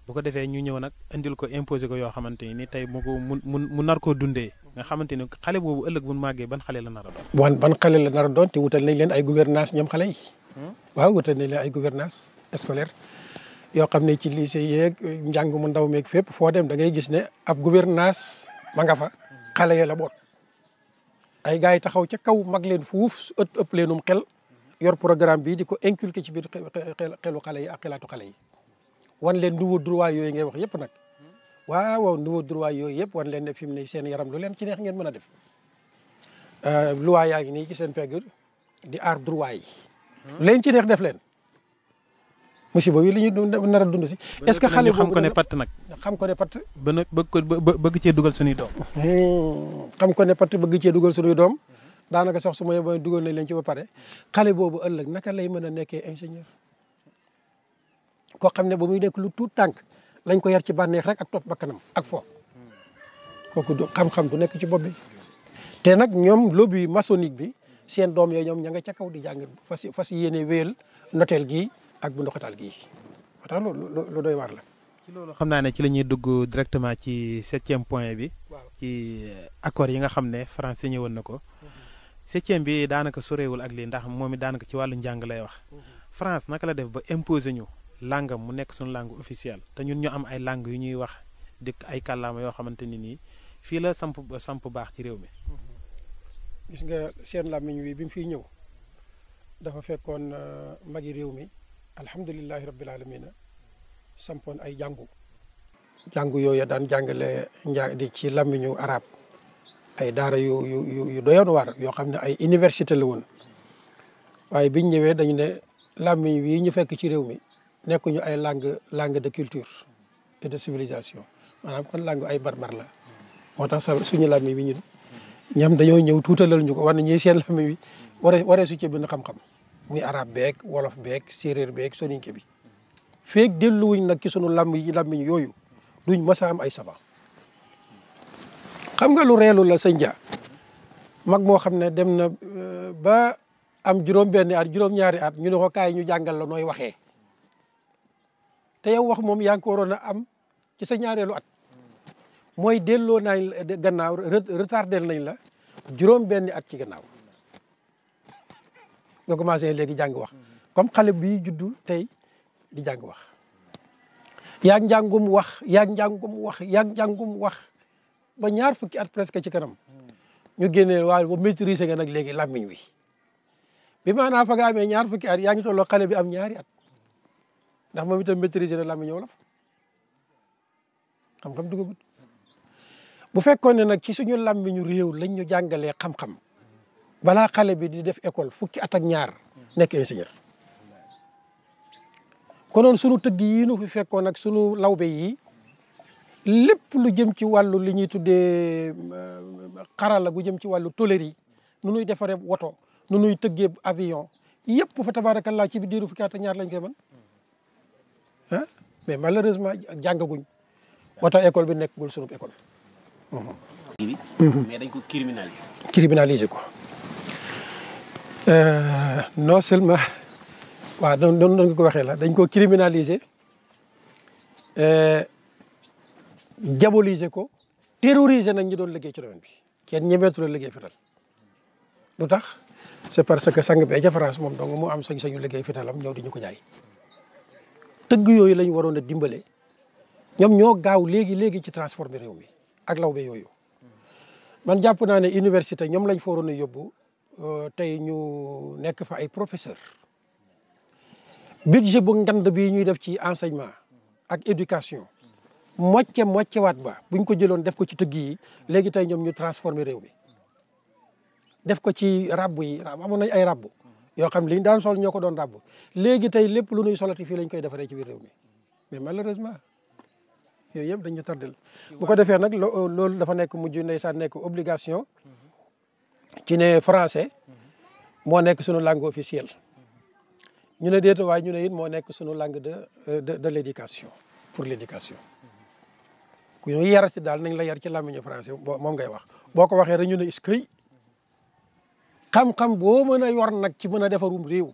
bu ko defee ñu ñëw nag indil ko imposé ko yoo xamante ni tey mu ko mu mu nar koo dundee nga xamante ni xale boobu ëllëg bu màggee ban xale la nar a doon. ban xale la nar doon te wutal nañ leen ay gouvernance ñoom xale yi. Hmm? waaw wutal ay gouvernance scolaire yoo xam ne ci liise yeeg njàng mu ndaw meek fépp foo dem da ngay gis ne ab gouvernance ma nga fa xale ya la boot ay gars yi taxaw ca kaw mag leen fuuf su ëpp ëpp leenum xel yor programme bi di ko inculquer ci biir xelu xale yi ak kelaatu kale yi wan leen nouveau droit yooyu ngay wax yëpp nag waaw waaw nouveau droit yooyu yëpp wan leen ne fi mu ne seen yaram lu leen ci neex ngeen mën a def euh, loi yaa ngi nii ci seen pegg di aar droit yi leen ci neex def leen musiba wi li ñu nar a dund si. est-ce que xale boobu xam ko ne patt nag. xam ko ne patt. ba na bëgg ko bëgg cee hmm, xam ko ne patt bëgg cee dugal suñuy doom daanaka sax su ma yeboo dugal nañ leen ci ba pare xale boobu ëllëg naka lay mën a nekkee ingénieur. koo xam ne ba muy nekk lu tuut tànk lañ ko yar ci bànneex rek ak topp bakkanam ak fo kooku du xam-xam du nekk ci bopp bi te nag ñoom lobby maçonnique bi seen doom yooyu ñoom ña nga ca kaw di jàng fas fas yéene wéyal notel gi ak bu ndoxatal gii moo tax loolu la. loolu xam naa ne ci la ñuy dugg directement ci septième point bi. ci euh, accord yi nga xam ne France signé woon na ko. Mhm. septième bi daanaka soreewul ak lii ndax moom it daanaka ci wàllu njàng lay wax. Mhm. France naka la def ba imposer ñu langam mu nekk suñu langue officielle te ñun ñu am ay langue yu ñuy wax dëkk ay kàllaama yoo xamante ni nii fii la samp samp baax ci réew mi. Mhm. gis nga seen làmmiñ wi bi mu fiy ñëw dafa fekkoon euh, magi réew mi. alhamdulilahi rabbil alamina sampoon ay jàngu jàngu yooyu daan jàngale nja di ci làmmiñu arab ay daara yu yu yu yoo xam ne ay université la woon waaye biñ ñëwee dañu ne làmmiñ wii ñu fekk ci réew mi nekkuñu ay langue langue de culture et de civilisation maanaam kon langue ay barbar la moo tax suñu làmmiñ bi ñun dañoo ñëw tuutalal ñu ko war na ñuy seen làmmiñ bi waree waree su ci bind xam-xam muy arab beeg wolof beeg séeréer beeg soninke bi feek delluwuñ nag ci sunu làmm yi làmmiñ yooyu duñ masa am ay sabax xam nga lu reelu la sëñ Dia mag moo xam ne dem na euh, ba am juróom-benni at juróom-ñaari at ñu ne ko kaay ñu jàngal la nooy waxe te yow wax moom yaa ngi am ci sa ñaareelu at mooy delloo nañ gannaaw retardé nañ la juróom-benni at ci gannaaw nga commencé léegi jàng wax comme xale bi juddu tey di jàng wax yaag njàngum wax yaag njàngum wax yaag njàngum wax ba ñaar fukki at presque ci kanam ñu génnee waaye ba maîtriser nga nag léegi làmmiñ wi bi maanaam fa nga amee ñaar fukki at yaa ngi tolloo xale bi am ñaari at ndax moom itam maîtriser na làmmiñ wolof xam-xam dugagut bu fekkoon ne nag ci suñu làmmiñu réew lañ ñu jàngalee xam-xam balaa xale bi di def école fukki at ñaar nekk ingénieur konoon sunu tëgg yi nu fi fekkoon nag sunu lawbe yi lépp lu jëm ci wàllu li ñuy tuddee euh, xarala gu jëm ci wàllu tôlerie yi nu nuy defaree woto nu nuy tëggee avion yëpp fa tabaarakallaa ci bi diiru fukki at ñaar lañ koy mën mais malheureusement jàngaguñ moo tax école bi nekk nekkul sunu école. Mmh. Mmh. mais dañ ko criminaliser. criminaliser ko. Euh, non seulement waaw doon doon nga ko waxee la dañ ko criminaliser euh, diaboliser ko terroriser nag ñi doon liggéey ci domaine bi kenn ñemeetu la liggéey fital lu tax c'est parce que sang bee ca France moom dong moo am sañ-sañu liggéey fitalam ñëw di ñu ko jaay tëgg yooyu lañu waroon a dimbale ñoom ñoo gaaw léegi léegi ci transformer réew mi ak lawbe yooyu man jàpp naa ne université ñoom lañ fa waroon a yóbbu Euh, tey ñu nekk fa ay professeur budget bu ngand bi ñuy def ci enseignement ak éducation mocce mocce waat ba buñ ko jëloon def ko ci tëgg yi léegi tey ñoom ñu transformer réew mi def ko ci ràbb yi ràbb amoon nañ ay rab yoo xam liñ daan sol ñoo ko doon ràbb léegi tey lépp lu nuy solati fii lañ koy defaree ci biir réew mi mais malheureusement yooyu yëpp dañu tardel bu ko defee nag loolu dafa nekk mujj ndeysaan nekk obligation ci ne français moo nekk sunu langue officielle ñu ne déet waaye ñu ne it moo nekk sunu langue de euh, de de l'éducation pour l'éducation ku ñu yarati daal nañ la yar ci làmmiñu français moom ngay wax boo ko waxee rek ñu ne iskay xam-xam boo mën a yor nag ci mën a defarum réew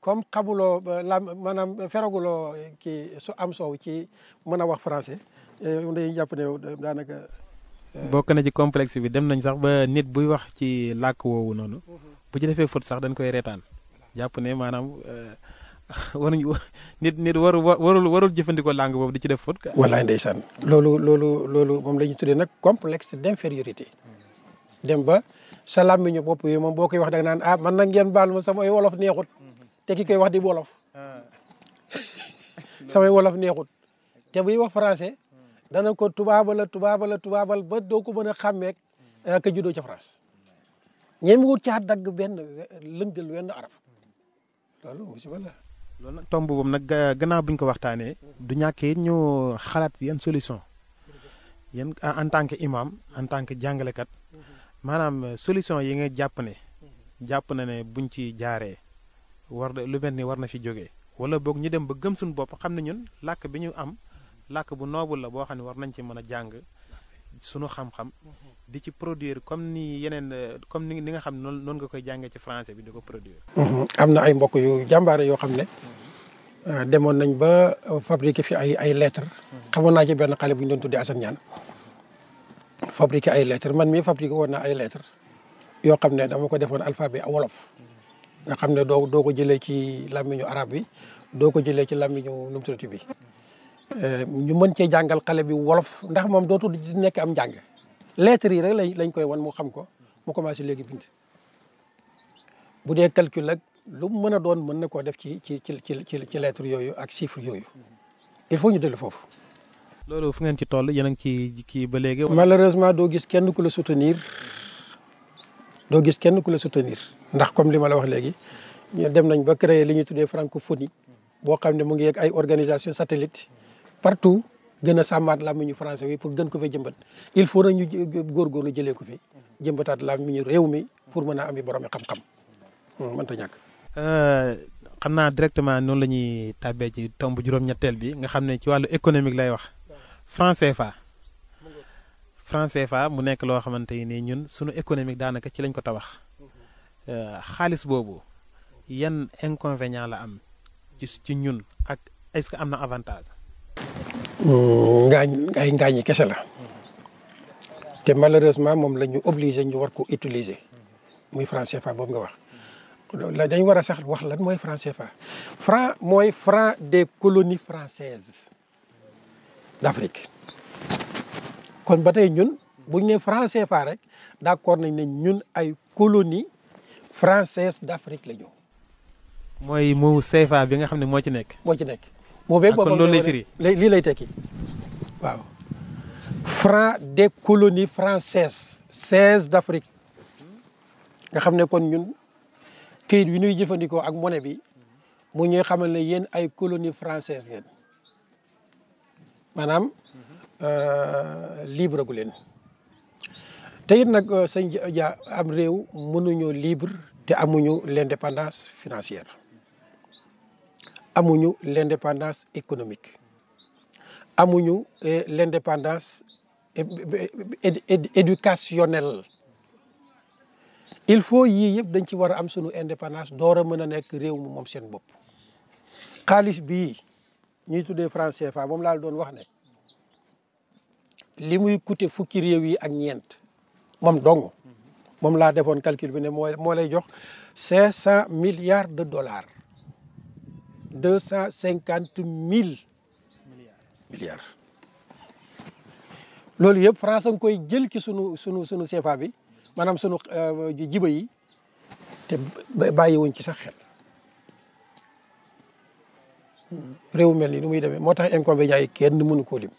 comme xamuloo euh, la maanaam euh, feraguloo kii su am soow ci mën a wax fransai dañuy jàpp ne daanaka. bokk na ci complexe bi dem nañ sax ba nit buy wax ci làkk woowu noonu bu ci defee fóot sax dañ koy reetaan jàpp ne maanaam euh, waruñu nit nit waru warul warul jëfandikoo langue boobu di ci def fóot. wallaay ndeysaan loolu loolu loolu moom lañuy tuddee nag complexe d'infériorité dem ba sa làmmiñu bopp yi moom boo koy wax da nga naan ah man nag ngeen baal ma samay wolof neexut te ki koy wax di wolof ah. samay wolof neexut te buy wax français. dana ko tubaabala tubaabala tubaabal ba doo ko mën a xàmmeek mm. eh, ka juddoo ca France ñeem wut caa dagg benn lëngal wenn arab loolu nag tomb boobu nag gannaaw bi ñu ko waxtaanee du ñàkkee ñu xalaat yan solution yan en tant que imam en tant que jàngalekat maanaam solution yi nga jàpp ne jàpp na ne buñ ci jaaree war lu mel ni war na fi jóge wala boog ñu dem ba gëm suñu bopp xam ne ñun làkk bi ñu am làkk bu noobul la boo xam ne war nañ ci mën a jàng sunu xam-xam di ci produire comme ni yeneen comme ni nga xam ne noonu nga koy jàngee ci français bi di ko produire. Mhm. am na ay mbokk yu jàmbaare yoo xam ne euh, demoon nañ ba fabriquer fi ay ay lettres. Mhm. xamoon naa ci benn xale bu ñu doon tuddee Assane Niane fabriquer ay lettres man mii fabriquer woon naa ay lettres yoo xam ne dama ko defoon alphabet wolof nga xam ne doo doo ko jëlee ci làmmiñu arab bi doo ko jëlee ci làmmiñu bi. Euh, ñu mën cee jàngal xale bi wolof ndax moom dootul di nekk am njàng lettres yi rek lañ lañ koy wan mu xam ko mu commencé léegi bind bu dee calculag ak lu mën a doon mën na koo def ci ci ci ci ci lettres yooyu ak chiffres yooyu il faut ñu dellu foofu. loolu fu ngeen ci toll yéen a ngi ci kii ba léegi. malheureusement doo gis kenn ku la soutenir doo gis kenn ku la soutenir ndax comme li ma la wax léegi ñu dem nañ ba créer li ñuy tuddee francophonie boo xam ne mu ngi yegg ay organisation satellite partout gën a sàmmaat mu ñu français bi pour gën ko fa jëmbat il faut nag ñu góorgóorlu jëlee ko fi jëmbataat ñu réew mi pour mën a am i borom xam-xam hmm, mënta ñàkk. Euh, xam naa directement noonu la ñuy tàbbee ci tomb juróom-ñetteel bi nga xam ne ci wàllu économique lay wax franc CFA. franc CFA mu nekk loo xamante ni ñun sunu économique daanaka ci lañ ko tabax euh, xaalis boobu yan inconvénient la am ci ci ñun ak est-ce que am na avantage. Mm, ngaañ ay ngaañi kese la te malheureusement moom la ñu obligé ñu war ko utiliser muy franc CFA boobu nga wax la dañ war a sax wax lan mooy franc fa franc mooy franc des colonies françaises d'Afrique kon ba tey ñun buñ ne français franc rek rek d'accord nañ ne ñun ay colonies françaises d'Afrique la ñu. mooy mu CFA bi nga xam ne moo ci nekk. moo ci nekk. moo beeg boppam kon loolu lay lii lay tekki waaw. franc des colonies françaises seize d'Afrique nga xam ne kon ñun kayit wi ñuy jëfandikoo ak mone bi mu ñuy xamal ne yéen ay colonies françaises ngeen maanaam euh, libre gu leen te it nag euh, sëñ ja am réew mënuñu libre te amuñu l'indépendance financière. amuñu l'indépendance économique amuñu eh, l'indépendance eh, eh, éducationnelle il faut yii yëpp dañ ci war a am sunu indépendance door a mën a nekk réew mu moom seen bopp xaalis bi ñuy tuddee français CFA moom laa doon wax ne li muy coûter fukki réew yi ak ñeent moom dong moom laa defoon calcul bi ne moo moo lay jox cinq cent milliards de dollars deux cent cinquante mille milliards loolu yëpp France a koy jël ci sunu sunu sunu CFA bi maanaam sunu euh, jiba yi te bàyyi wuñ ci sax xel réew mel ni nu muy demee moo tax inconvénients yi kenn mënu koo lim.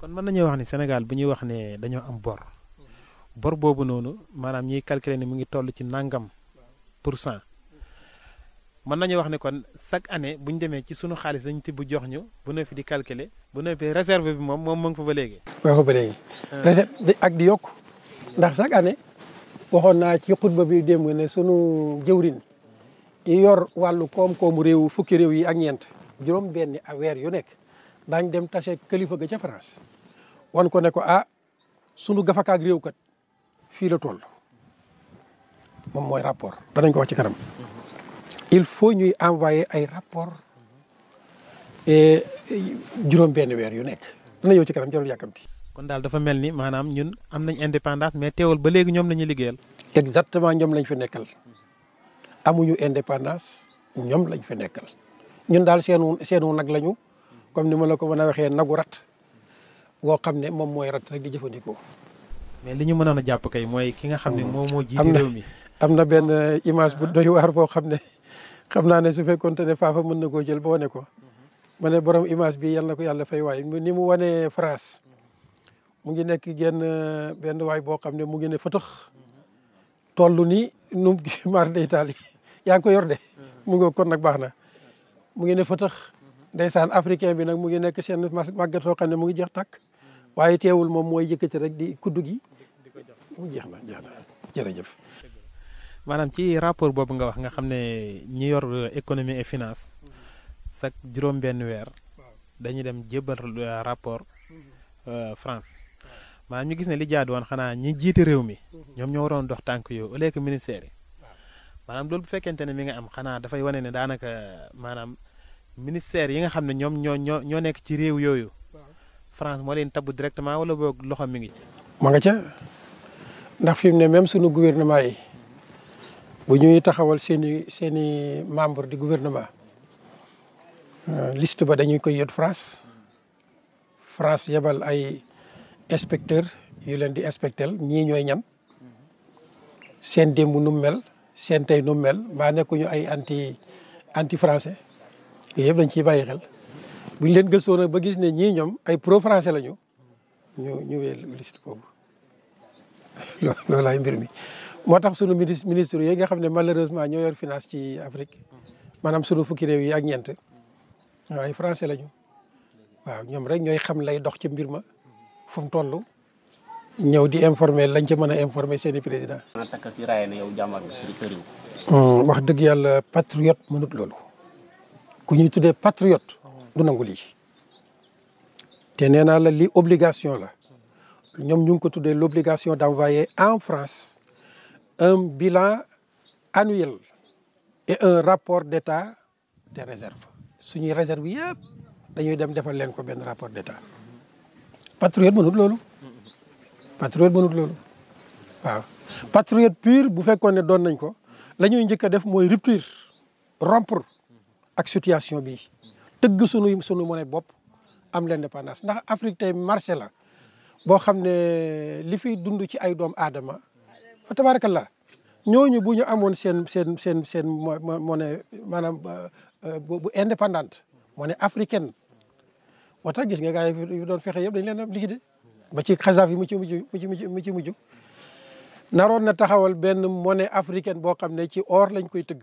kon mën nañuy wax ni Sénégal bu ñuy wax ne dañoo am bor boobu noonu maanaam ñiy calculer ne mu ngi toll ci nangam pour cent mën nañu wax ne kon chaque année bu ñu demee ci sunu xaalis dañu tibb jox ñu bu noppi di calculer bu noppi réserve bi moom moom mën ngi fa ba léegi. moo fa ba léegi. Ah. réserve ak di yokk ndax chaque année waxoon naa ci xutba bi démb ne sunu jëwrin yi yor wàllu koom-koomu réew fukki réew yi ak ñeent. juróom benni a weer yu nekk daañ dem tase kilifa ga ca France wan ko ne ko ah sunu gafakaak réew kat fii la toll moom mooy rapport. danañ ko wax ci kanam. Mm-hmm. il faut ñuy envoyé ay rapport juróom benn weer yu nekk na yow ci kanam jarul yàkkamti kon daal dafa mel ni maanaam ñun am nañ indépendance mais teewul ba léegi ñoom la ñuy liggéeyal exactement ñoom lañu fi nekkal amuñu indépendance ñoom lañ fi nekkal ñun daal seenu seenu nag lañu comme ni ma la ko mën a waxee nagu rat woo xam ne moom mooy rat rek di jëfandikoo mais li ñu mënoon a jàpp kay mooy ki nga xam ne hmm. moom moo jiite réew mi am na benn image bu doy waar boo xam ne xam naa ne su fekkonte ne faafa mën na koo jël ba wane ko mhm. ma ne borom image bi yal na ko yàlla fay waay ni mu wane France mhm. mu ngi nekk genn euh, benn waay boo xam ne mu ngi ne fëtëx mhm. toll ni nu mar de Italie yaa ngi ko yor de mu ngi kon nag baax na mu ngi ne fëtëx saan africain bi nag mu ngi nekk seen màggat soo xam ne mu ngi jeex takk waaye teewul moom mooy yëkkati rek di kuddu gi mu jeex na jeex na jërëjëf maanaam ci rapport boobu nga wax nga xam ne ñi yor euh, économie et finance chaque juróom-benn weer dañuy dem jébbal euh, rapport mmh. euh, France maanaam ñu gis ne li jaadu woon xanaa ñi jiite réew mi mmh. ñoom ñoo waroon dox tànk yooyu au lieu que ministère yi maanaam loolu bu fekkente ne mi nga am xanaa dafay wane ne daanaka maanaam ministère yi nga xam ne ñoom ñoo ñoo ñoo nekk ci réew yooyu France moo leen tabb directement wala boog loxo mi ngi ci. ma nga ca ndax fi mu ne même sunu gouvernement yi. bu ñuy taxawal seen i seen membre di gouvernement euh, liste ba dañuy koy yot France France yebal ay inspecteur yu leen di inspectel ñii ñooy ñan seen démb nu mu mel seen tey nu mu maa nekkuñu ay anti anti français yooyu yëpp dañ ciy bàyyi xel bu ñu leen gëstoo nag ba gis ne ñii ñoom ay pro français lañu ñu ñu wéyal liste boobu mbir mi. moo tax sunu ministre ministre yooyu nga xam ne malheureusement ñoo yor finance ci Afrique maanaam sunu fukki réew yi ak ñeent waaye français lañu waaw ñoom rek ñooy xam lay dox ci mbir ma fu mu toll ñëw di informer lañ ci mën a informer seen i président. Hmm, wax dëgg yàlla patriote mënut loolu ku ñuy tuddee patriote du nangu lii te nee naa la lii obligation la ñoom ñu ngi ko tuddee l' obligation d' envoyer en France. un bilan annuel et un rapport d'état des réserves suñuy réserve yëpp dañuy dem defal leen ko benn rapport d'état patriote mënut loolu patriote mënut loolu waaw patriote pur bu fekkoon ne doon nañ ko lañuy njëkk a def mooy rupture rompre ak situation bi tëgg sunuy sunu monnaie bopp am leen l'indépendance ndax Afrique tey marché la boo xam ne li fiy dund ci ay doom aadama fa la ñooñu bu ñu amoon seen seen seen seen monnaie maanaam euh, bu indépendante monnaie africaine moo tax gis nga gars yi doon fexe yëpp dañ leen a liquider ba ci xasaaf yi mu ci mu mujj mu ci mujj mu ci mujj naroon na taxawal benn mone africaine boo xam ne ci or lañ koy tëgg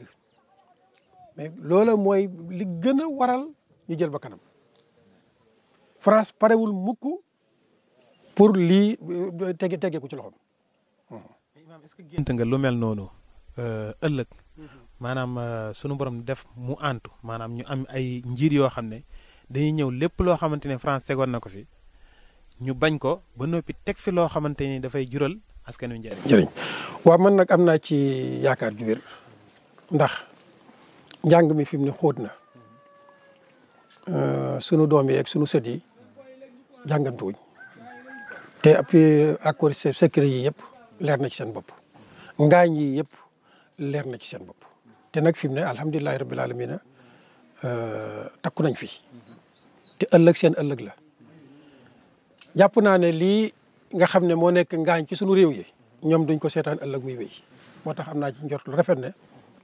mais loola mooy li gën a waral ñu jël ba kanam France parewul mukk pour lii euh, tege tegeeku ci loxoom hmm. maanaam est-ce que gént nga lu mel noonu euh, ëllëg mm-hmm. maanaam euh, sunu borom def mu antu maanaam ñu am ay njiir yoo xam ne dañuy ñëw lépp loo xamante ne France tegoon na ko fi ñu bañ ko ba noppi teg fi loo xamante ni dafay jural askan wi njëriñ. njëriñ waaw man nag am naa ci yaakaar ndax njàng mi fi mu ne xóot na euh, sunu doom yi ak sunu sët yi jàngantuwuñ te appui accord secret yi yëpp. leer na ci seen bopp ngaañ yi yëpp leer na ci seen bopp te nag fi mu ne alhamdulilahi rabbil alamina euh, takku nañ fi te ëllëg seen ëllëg la jàpp naa ne lii nga xam ne moo nekk ngaañ ci sunu réew yi ñoom duñ ko seetaan ëllëg muy wéy moo tax xam naa ci njort lu rafet ne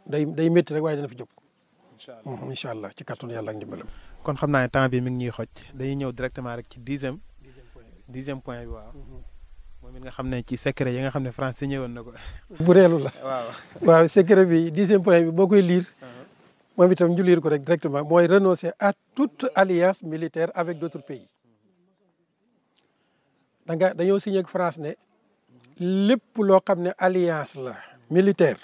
day day métti rek waaye dana fi jóg mm-hmm, incha allah ci kàttanu yàlla ak ndimbalam kon xam naa ne temps bi mi ngi ñuy xoj dañuy ñëw directement rek ci dixième dixième point bi waaw mm-hmm. moom it nga xam ne ci secret yi nga xam ne France ñëwoon na ko. bu reelu la waaw waaw secret bi dixième point bi boo koy lire. Uh-huh. moom itam ñu lire ko rek directement mooy renoncer à toute alliance militaire avec d' autres pays. da nga dañoo signé ak France ne lépp loo xam ne alliance la militaire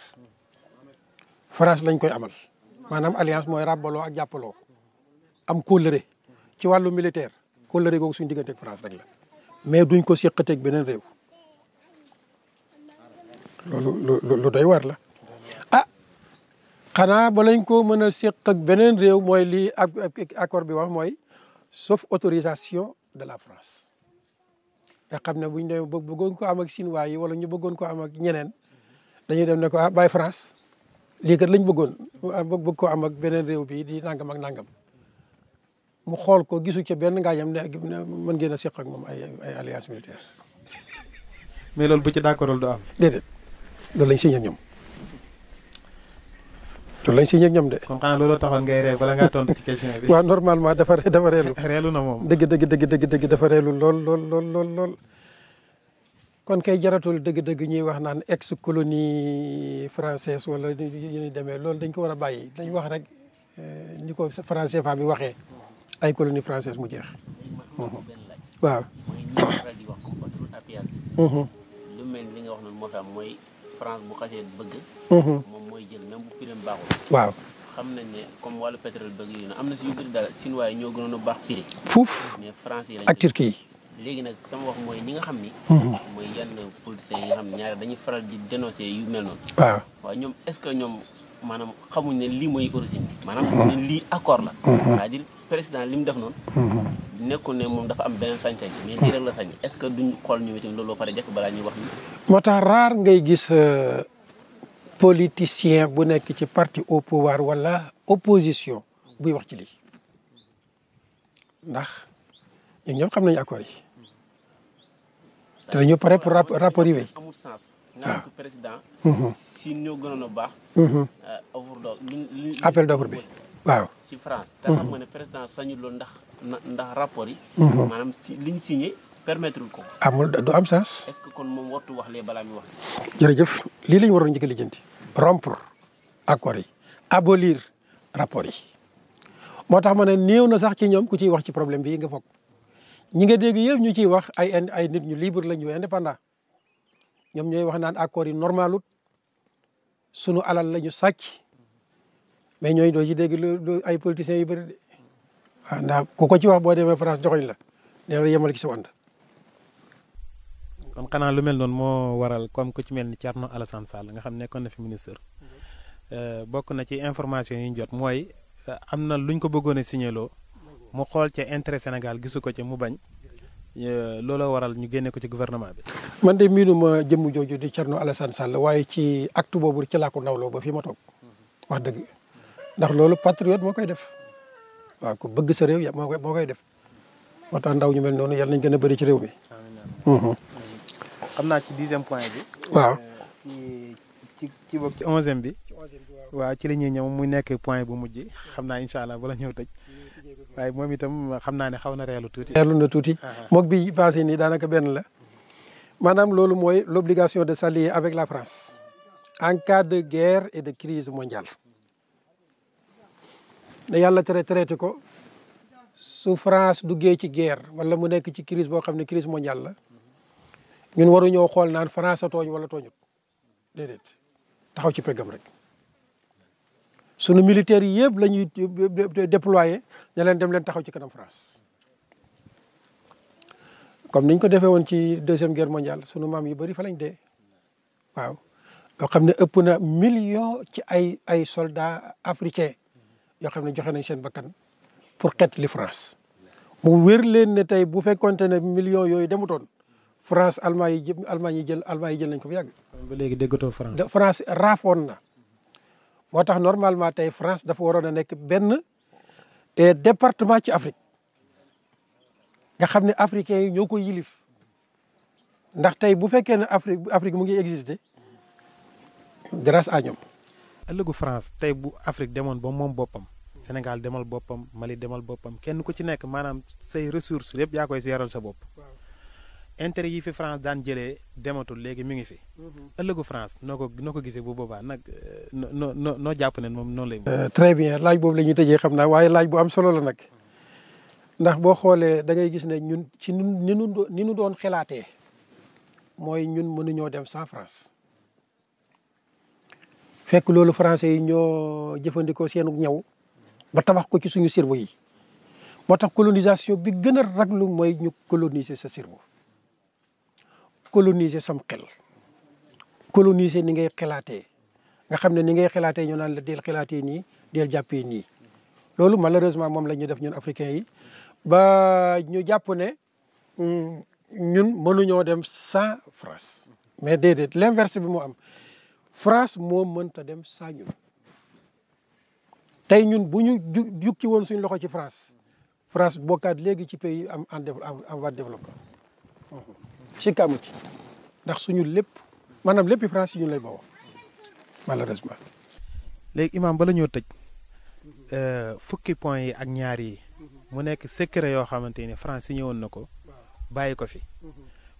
France lañ koy amal maanaam alliance mooy ràbbaloo ak jàppaloo am kóllëre ci wàllu militaire kóllëre googu suñu diggante ak France rek la. mais duñ ko teg beneen réew loolu lu doy war la ah xanaa ba lañ ko mën a séq ak beneen réew mooy lii ak accord bi wax mooy sof autorisation de la France nga xam ne buñ demee bëggoon ko am ak chinois yi wala ñu bëggoon ko am ak ñeneen dañuy dem ne ko ah bàyyi France lii kat lañ bëggoon ah, bëgg ko am ak beneen réew bi di nangam ak nangam mu xool ko gisu ca benn ngaayam ne mën ngeen a seq ak moom ay ay alliance militaire. mais loolu bu ci d'accordul du am. déedéet loolu lañ signé ak ñoom loolu lañ signé ak ñoom de. kon xanaa loolu taxoon ngay bala ngaa tontu ci bi. waaw normalement dafa dafa reelu. reelu na moom dëgg dëgg dëgg dëgg dëgg dafa reelu lool lool lool lool kon kay jaratul dëgg-dëgg ñuy wax naan ex colonie française wala yu ñuy demee loolu dañ ko war a bàyyi dañ wax rek euh, ni ko français fa bi waxee. ay colonie française mu jeex. Mhm. waaw. Mhm. lu mel ni li nga wax noonu moo fi am mooy France bu xasee bëgg. Mhm. moom mooy jël même bu prix baaxul. waaw xam nañ ne comme wàllu pétrole bëgg yu ne am na si yu bëri daal Sinwaa yi ñoo gënoon a baax prix. fuuf mais France ak Turquie léegi nag sama wax mooy ñi nga xam ni. mooy yenn politiciens yi nga xam ne ñaare dañuy faral di dénoncer yu mel noonu. waaw waaw ñoom est-ce que ñoom maanaam xamuñ ne lii mooy origine bi. maanaam lii accord la. président li mu def noonu. Mhm. nekkul ne moom dafa am beneen sañ-sañ. mais nii la sañ est ce que duñ xool ñu itam loolu pare jekk balaa ñuy wax nii. moo tax raar ngay gis euh, politicien bu nekk ci parti au pouvoir wala opposition buy wax ci lii ndax ñun ñëpp xam nañu accord yi. te dañoo pare pour rapport yi wéy. amul sens président. Mhm. si ñoo gënoon baax. Mhm. Euh, offre d'offre appel d'offre bi. waaw si France te xam nga président sañu loolu ndax ndax rapport yi mhm. maanaam li ñu signé ko amul am sens est kon moom wartu wax lee balaa mi wax jërëjëf lii la ñu waroon njëkk a lijjanti rompre accords yi abolir rapport yi moo tax ma ne néew na sax ci ñoom ku ciy wax ci problème bi nga foog ñi nga dégg yëpp ñu ciy wax ay ay nit ñu libre la ñu indépendant ñoom ñooy wax naan accords yi normalut sunu alal lañu ñu sàcc mais ñooñu doo ci dégg lu ay politiciens yu bëri de waaw ah, ndax ku ko ci wax boo demee France joxoñ la nee la yemal ci sa wànd kon xanaa lu mel noonu moo waral comme ku ci mel ni Thierno Alassane Sall nga xam ne nekkoon na fi ministre euh, bokk na ci information yi ñu jot mooy euh, am na lu ñu ko bëggoon a signaloo mu xool ca intérêt Sénégal gisu ko ci mu bañ euh, looloo waral ñu génne ko ci gouvernement bi. man de miinuma jëmm jooju di Thierno Alassane Sall waaye ci acte boobu ci laa ko nawloo ma toog wax dëgg. ndax loolu patriote moo koy def waaw ko bëgg sa réew ya moo koy moo koy def moo tax ndaw ñu mel noonu yal nañ gën a bëri ci réew mi. xam naa ci dixième point bi. waaw euh, ci ci ci ci onzième bi. waaw ci la ñuy ñëw mu nekk point bu mujj xam naa incha allah bala ñëw tëj waaye moom itam xam naa ne xaw na reelu tuuti. reelu na tuuti moog bi passé nii daanaka benn la maanaam loolu mooy l'obligation de s'allier avec la France en cas de guerre et de crise mondiale. ne yàlla tere traité ko su France duggee ci guerre wala mu nekk ci crise boo xam ne crise mondiale la ñun ñëw xool naan France a tooñ wala tooñut déedéet taxaw ci peggam rek sunu militaires yi yëpp la ñuy déployé ña dem leen taxaw ci kanam France comme niñ ko defee woon ci deuxième guerre mondiale sunu maam yu bari fa lañ dee waaw loo xam ne ëpp na million ci ay ay soldats africains yoo xam ne joxe nañ seen bakkan pour xeetli France mu wér leen ne tey bu fekkonte ne million yooyu demutoon France Allemagne yi jë Allemagne yi jël Allemagne yi jël nañ ko bu yàgg. ba léegi déggatoo France. France raafoon na moo tax normalement tey France dafa waroon a nekk benn eh, département ci Afrique nga xam ne africains yi ñoo ko yilif ndax tey bu fekkee ne Afrique Afrique mu ngi exister grâce à ñoom. ëllëgu France tey bu Afrique demoon ba moom boppam. Sénégal demal boppam Mali demal boppam kenn ku ci nekk maanaam say ressource yëpp yaa koy si yaral sa bopp. intérêt yi fi France daan jëlee dematul léegi mi ngi fi. Mhm. ëllëgu France noo ko noo ko gisee bu boobaa nag euh, noo noo jàpp ne moom noonu lay. Euh, très bien laaj boobu la ñuy tëjee xam naa waaye laaj bu am solo la nag ndax boo xoolee da ngay gis ne ñun ci ni ni ñu doon xalaatee mooy ñun mënuñoo dem sans France. fekk loolu français yi ñoo jëfandikoo seenu ñaw ba tabax ko ci suñu cerveau yi moo tax colonisation bi gën a lu mooy ñu coloniser sa cerveau coloniser sam xel coloniser ni ngay xelaatee nga xam ne ni ngay xelaatee ñu naan la deel xelaatee nii deel jàppee nii loolu malheureusement moom la ñu def ñun africains yi ba ñu jàpp ne mm, ñun mënuñoo dem sans France mais déedéet l'inverse bi mu am France moo mënta dem saa ñun tey ñun bu ñu jukki woon suñu loxo ci France France bokkaat léegi ci pays am en en voie développement sikk amu ci ndax suñu lépp maanaam léppi France yi ñu lay bawoo léegi imaam bala ñoo tëj euh, fukki point yi ak ñaar yi mu nekk secret yoo xamante ni France si ñëwoon na ko bàyyi ko fi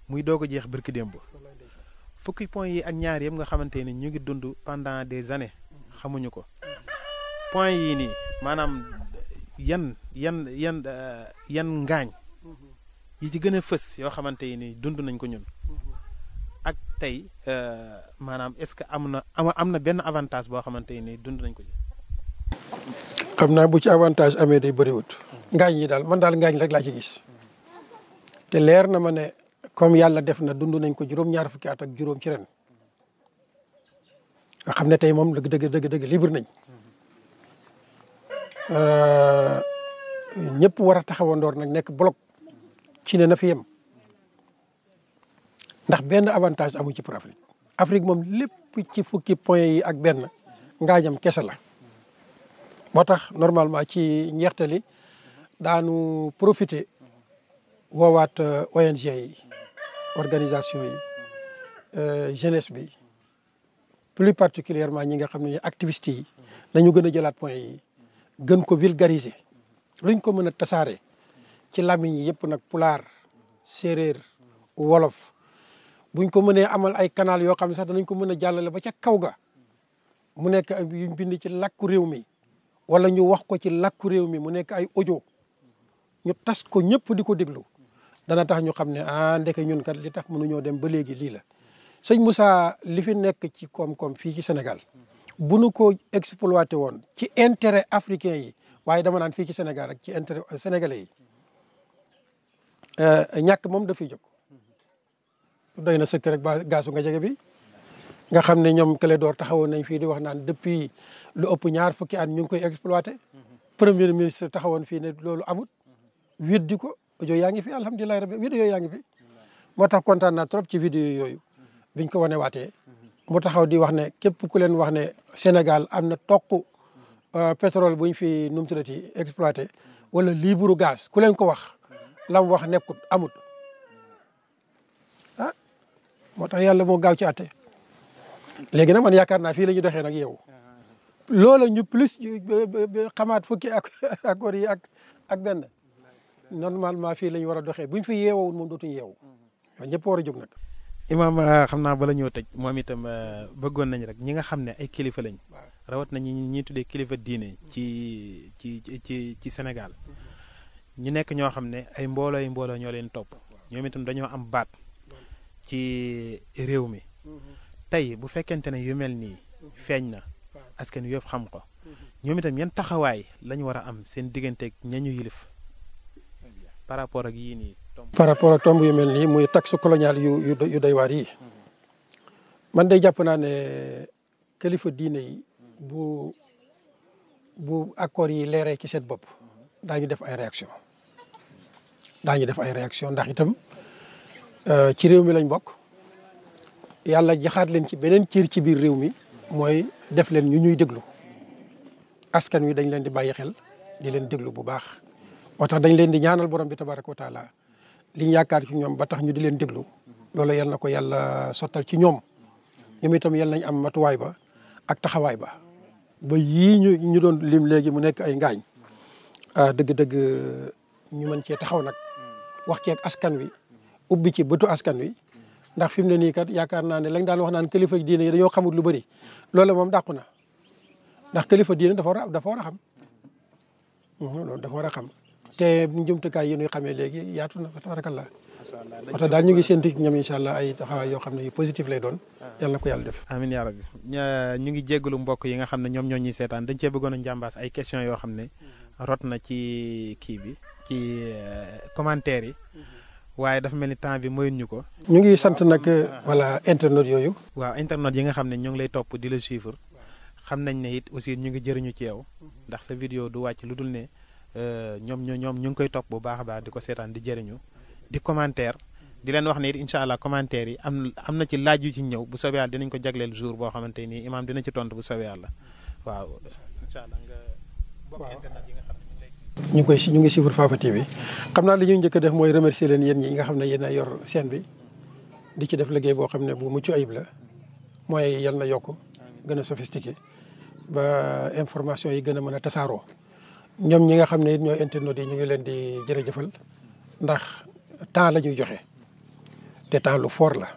muy doog a jeex barki démb fukki point yi ak ñaar yëpp nga xamante ni ñu ngi dund pendant des années xamuñu ko point yii nii maanaam yan yan yan euh, yan ngaañ yi ci gën a fës yoo xamante ni dund nañ ko ñun ak tey euh, maanaam est-ce que am na am na benn avantage boo xamante ni dund nañ ko ci. xam naa bu ci avantage amee day bëriwut. ngaañ yi daal man daal ngaañ rek laa ci gis te leer na ma ne. comme yàlla def na dund nañ ko juróom-ñaar fukki at juróom ci xam ne tey moom dëgg dëgg dëgg dëgg libre nañ ñëpp war a taxawandoor nag nekk bloc ci ne na fi yem ndax benn avantage amu ci pour Afrique Afrique moom lépp ci fukki point yi ak benn ngaañam kese la moo tax normalement ci njeextali daanu profité woowaat euh, ONG yi organisation yi euh, jeunesse bi plus particulièrement ñi nga xam ne activistes yi nañu gën a jëlaat point yi gën ko vulgariser luñ ko mën a tasaare ci làmmiñ yi yëpp nag pulaar séréer wolof buñ ko mënee amal ay canal yoo xam ne sax danañ ko mën a jàllale ba ca kaw ga mu nekk yuñ bind ci lakku réew mi wala ñu wax ko ci lakku réew mi mu nekk ay ojo ñu tas ko ñëpp di ko déglu dana tax ñu xam ne ah ndeke ñun ka li tax mënuñoo dem ba léegi lii la sëñ Moussa li fi nekk ci koom-koom fii ci Sénégal bu nu ko exploité woon ci intérêt africain yi waaye dama naan fii ci Sénégal rek ci intérêt euh, sénégalais yi euh, ñàkk moom dafiy jóg doy na sëkk rek ba gaasu nga jege bi nga xam ne ñoom kële door taxawoon nañ fii di wax naan depuis lu ëpp ñaar fukki at ñu ngi koy exploité mm-hmm. premier ministre taxawoon fii ne loolu amut mm-hmm. weddi ko audio yaa ngi fi alhamdulilah rabbi vidéo yaa ngi fi moo tax kontaan naa trop ci vidéo yooyu biñ ko wane waatee mu taxaw di wax ne képp ku leen wax ne Sénégal am na toq euh, pétrole bu buñ fi nu mu tuddati exploité wala libre gaz ku leen ko wax lam wax nekkut amut ah moo tax yàlla moo gaaw ci àtte léegi nag man yaakaar naa fii lañu ñu doxee nag yow loola ñu plus xamaat fukki ak accord yi ak ak benn normalement fii lañu ñu war a doxee bu ñu fi yeewoowul moom dootuñu yeewu waaw mhm. war a jóg nag imaam euh, xam naa bala ñoo tëj moom itam euh, bëggoon nañ rek ñi nga xam ne ay kilifa lañ rawat nañu ñi tuddee kilifa diine ci ci ci ci Sénégal mhm. ñu nekk ñoo xam ne ay mbooloo yi mbooloo ñoo leen topp ñoom itam dañoo am baat ci réew mi mhm. tey bu fekkente ne yu mel nii feeñ na askan yëpp xam ko ñoom taxawaay lañu war a am seen digganteeg ñañu par rapport ak yii nii par rapport ak tomb yu mel nii muy taxe coloniale yu yu doy waar yi mm-hmm. man day jàpp naa ne kilifa diine yi mm-hmm. bu bu accord yi leeree ci seen bopp mm-hmm. daañu def ay réaction daañu def ay réaction ndax itam euh, ci réew mi lañ bokk yàlla jaxaat leen ci beneen cër ci biir réew mi mooy def leen ñu ñuy déglu askan wi dañ leen di bàyyi xel di leen déglu bu baax moo tax dañ leen di ñaanal borom bi tabaraka wa taala li ñu yaakaar ci ñoom ba tax ñu di leen diglu loolu yal na ko yàlla sottal ci ñoom ñoom itam yal am matuwaay ba ak taxawaay ba ba yii ñu ñu doon lim léegi mu nekk ay ngaañ ah, dëgg-dëgg ñu mën cee taxaw nag wax ci ak askan wi ubbi ci bëtu askan wi ndax fi mu ne nii kat yaakaar naa ne lañ daan wax naan kilifa diine yi dañoo xamut lu bari loole moom dàqu na ndax kilifa diine dafa dafa a xam mhm, loolu dafa war a xam te njumtukaay yi ñuy xamee léegi yaatu na la oto daal ñu ngi séntu ñoom incha allah ay taxawaay yoo xam ne yu positif lay doon ah. yàlla na ko yàlla def amiin yaa rabbi ñu ngi jéggalu mbokk yi nga xam ne ñoom ñoo ñuy seetaan dañ cee a njàmbaas ay question yoo xam ne rot na ci kii bi ci euh, commentaire yi mm-hmm. waaye dafa mel ni temps bi mayun ñu ko ñu ngi sant nag euh, voilà internet yooyu waaw internet yi nga xam ne ñoo ngi lay topp di la suivre xam nañ ne it aussi ñu ngi jëriñu ci yow mm-hmm. ndax sa vidéo du wàcc lu dul ne Euh, ñoom ñoo ñoom ñu ngi koy topp bu baax baax di ko seetaan di jëriñu di commentaire di leen wax ne it incha allah commentaire yi am am na ci laaj yu ci ñëw bu soobee yàlla ko jagleel jour boo xamante nii imaam dina ci tontu bu soobee yàlla waaw incha allah nga bokk ñu ngi koy ñu ngi suivre xam naa li ñuy njëkk a def mooy remercier leen yéen ñi nga xam ne yenn a yor seen bi di ci def liggéey boo xam ne bu mucc ayib la mooy yal na yokk gën a sophistiqué ba information yi gën a mën a tasaaroo ñoom ñi nga xam ne ñooy internautes yi ñu ngi leen di jërëjëfal ndax temps la ñuy joxe te temps lu fort la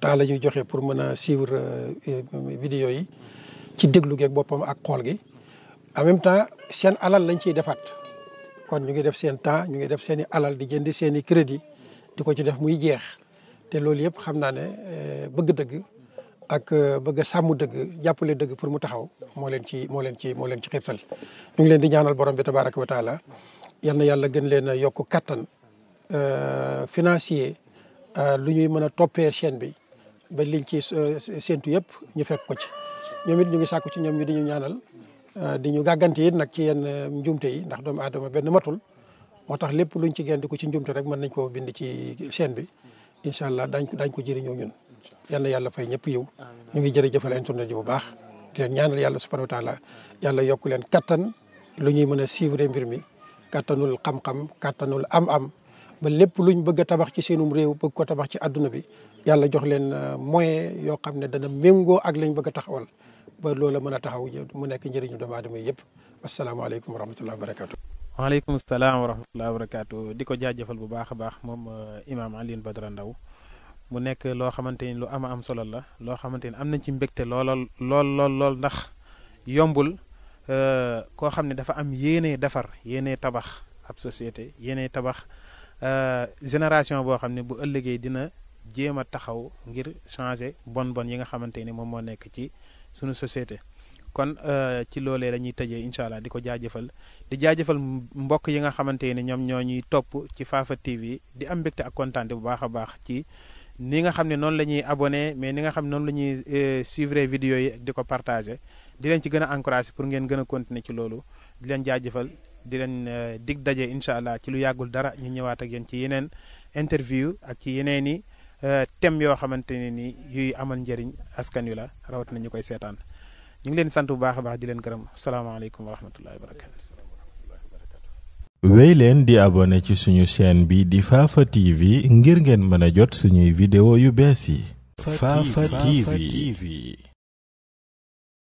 temps la ñuy joxe pour mën a suivre euh, vidéo yi ci déglu geeg boppam ak xool gi en même temps seen alal lañ ciy defaat kon ñu ngi def seen temps ñu ngi def seen i alal di jënd seen i crédit di ko ci def muy jeex te loolu yëpp xam naa ne euh, bëgg-dëgg ak euh, bëgg a sàmm dëgg jàppale dëgg pour mu taxaw moo leen ci moo leen ci moo leen ci xiirtal ñu ngi leen di ñaanal borom bi tabaraka wa taala yal yàlla gën leen a yokk kattan euh, financier euh, lu ñuy mën a toppee chaîne bi ba liñ ci séentu yëpp ñu fekk ko ci ñoom it ñu ngi sàkku ci ñoom ñu di ñu ñaanal di ñu gàggante it nag ci yenn njumte yi ndax doomu aadama benn matul moo tax lépp luñ ci génn di ko ci njumte rek mën nañ koo bind ci chaîne bi incha allah daañ ko daañ ko jëriñoo ñun yal yàlla fay ñëpp yiw ñu ngi jërëjëfal internet ji bu baax di leen ñaanal yàlla subhanahu wa yàlla yokk leen kattan lu ñuy mën a suivre mbir mi kattanul xam-xam kattanul am-am ba lépp lu ñu bëgg a tabax ci seenu réew bëgg ko tabax ci àdduna bi yàlla jox leen euh, moyen yoo xam ne dana méngoo ak lañ bëgg a taxawal ba loola mën a taxaw mu nekk njëriñu doomu aadama yëpp asalaamaaleykum wa rahmatulah wa barakaatu. waaleykum salaam wa rahmatulah wa barakaatu di ko jaajëfal bu baax a baax moom euh, imaam Alioune Badara Ndao mu nekk loo xamante ni lu am am solo la loo xamante ni am nañ ci mbégte loolal lool lool lool ndax yombul euh, koo xam ne dafa am yéene defar yéene tabax ab société yéene tabax euh, génération boo xam ne bu ëllëgee dina jéem a taxaw ngir changé bon bon yi nga xamante ni moom moo nekk ci sunu société. kon euh, ci loolee la ñuy tëjee incha allah di ko jaajëfal di jaajëfal mbokk yi nga xamante ne ñoom ñoo ñuy topp ci Fafa TV di am mbégte ak kontaan bu baax a baax ci ni nga xam ne noonu la ñuy abonné mais ni nga xam noonu lañuy ñuy euh, suivre vidéo yi ak di ko partagé di leen ci gën a encouragé pour ngeen gën a continuer ci loolu di leen jaajëfal di leen euh, dig daje incha allah ci lu yàggul dara ñu ñëwaat ak yéen ci yeneen interview ak ci yeneen i euh, thèmes yoo xamante ne ni yuy amal njëriñ askan wi la rawat na ñu koy seetaan ñu ngi leen sant bu baax a baax di leen gërëm salaamaaleykum wa rahmatullahi wa wéy leen di abone ci suñu chaîne bi di Fafa TV ngir ngeen mën a jot suñuy vidéo yu bees yi Fafa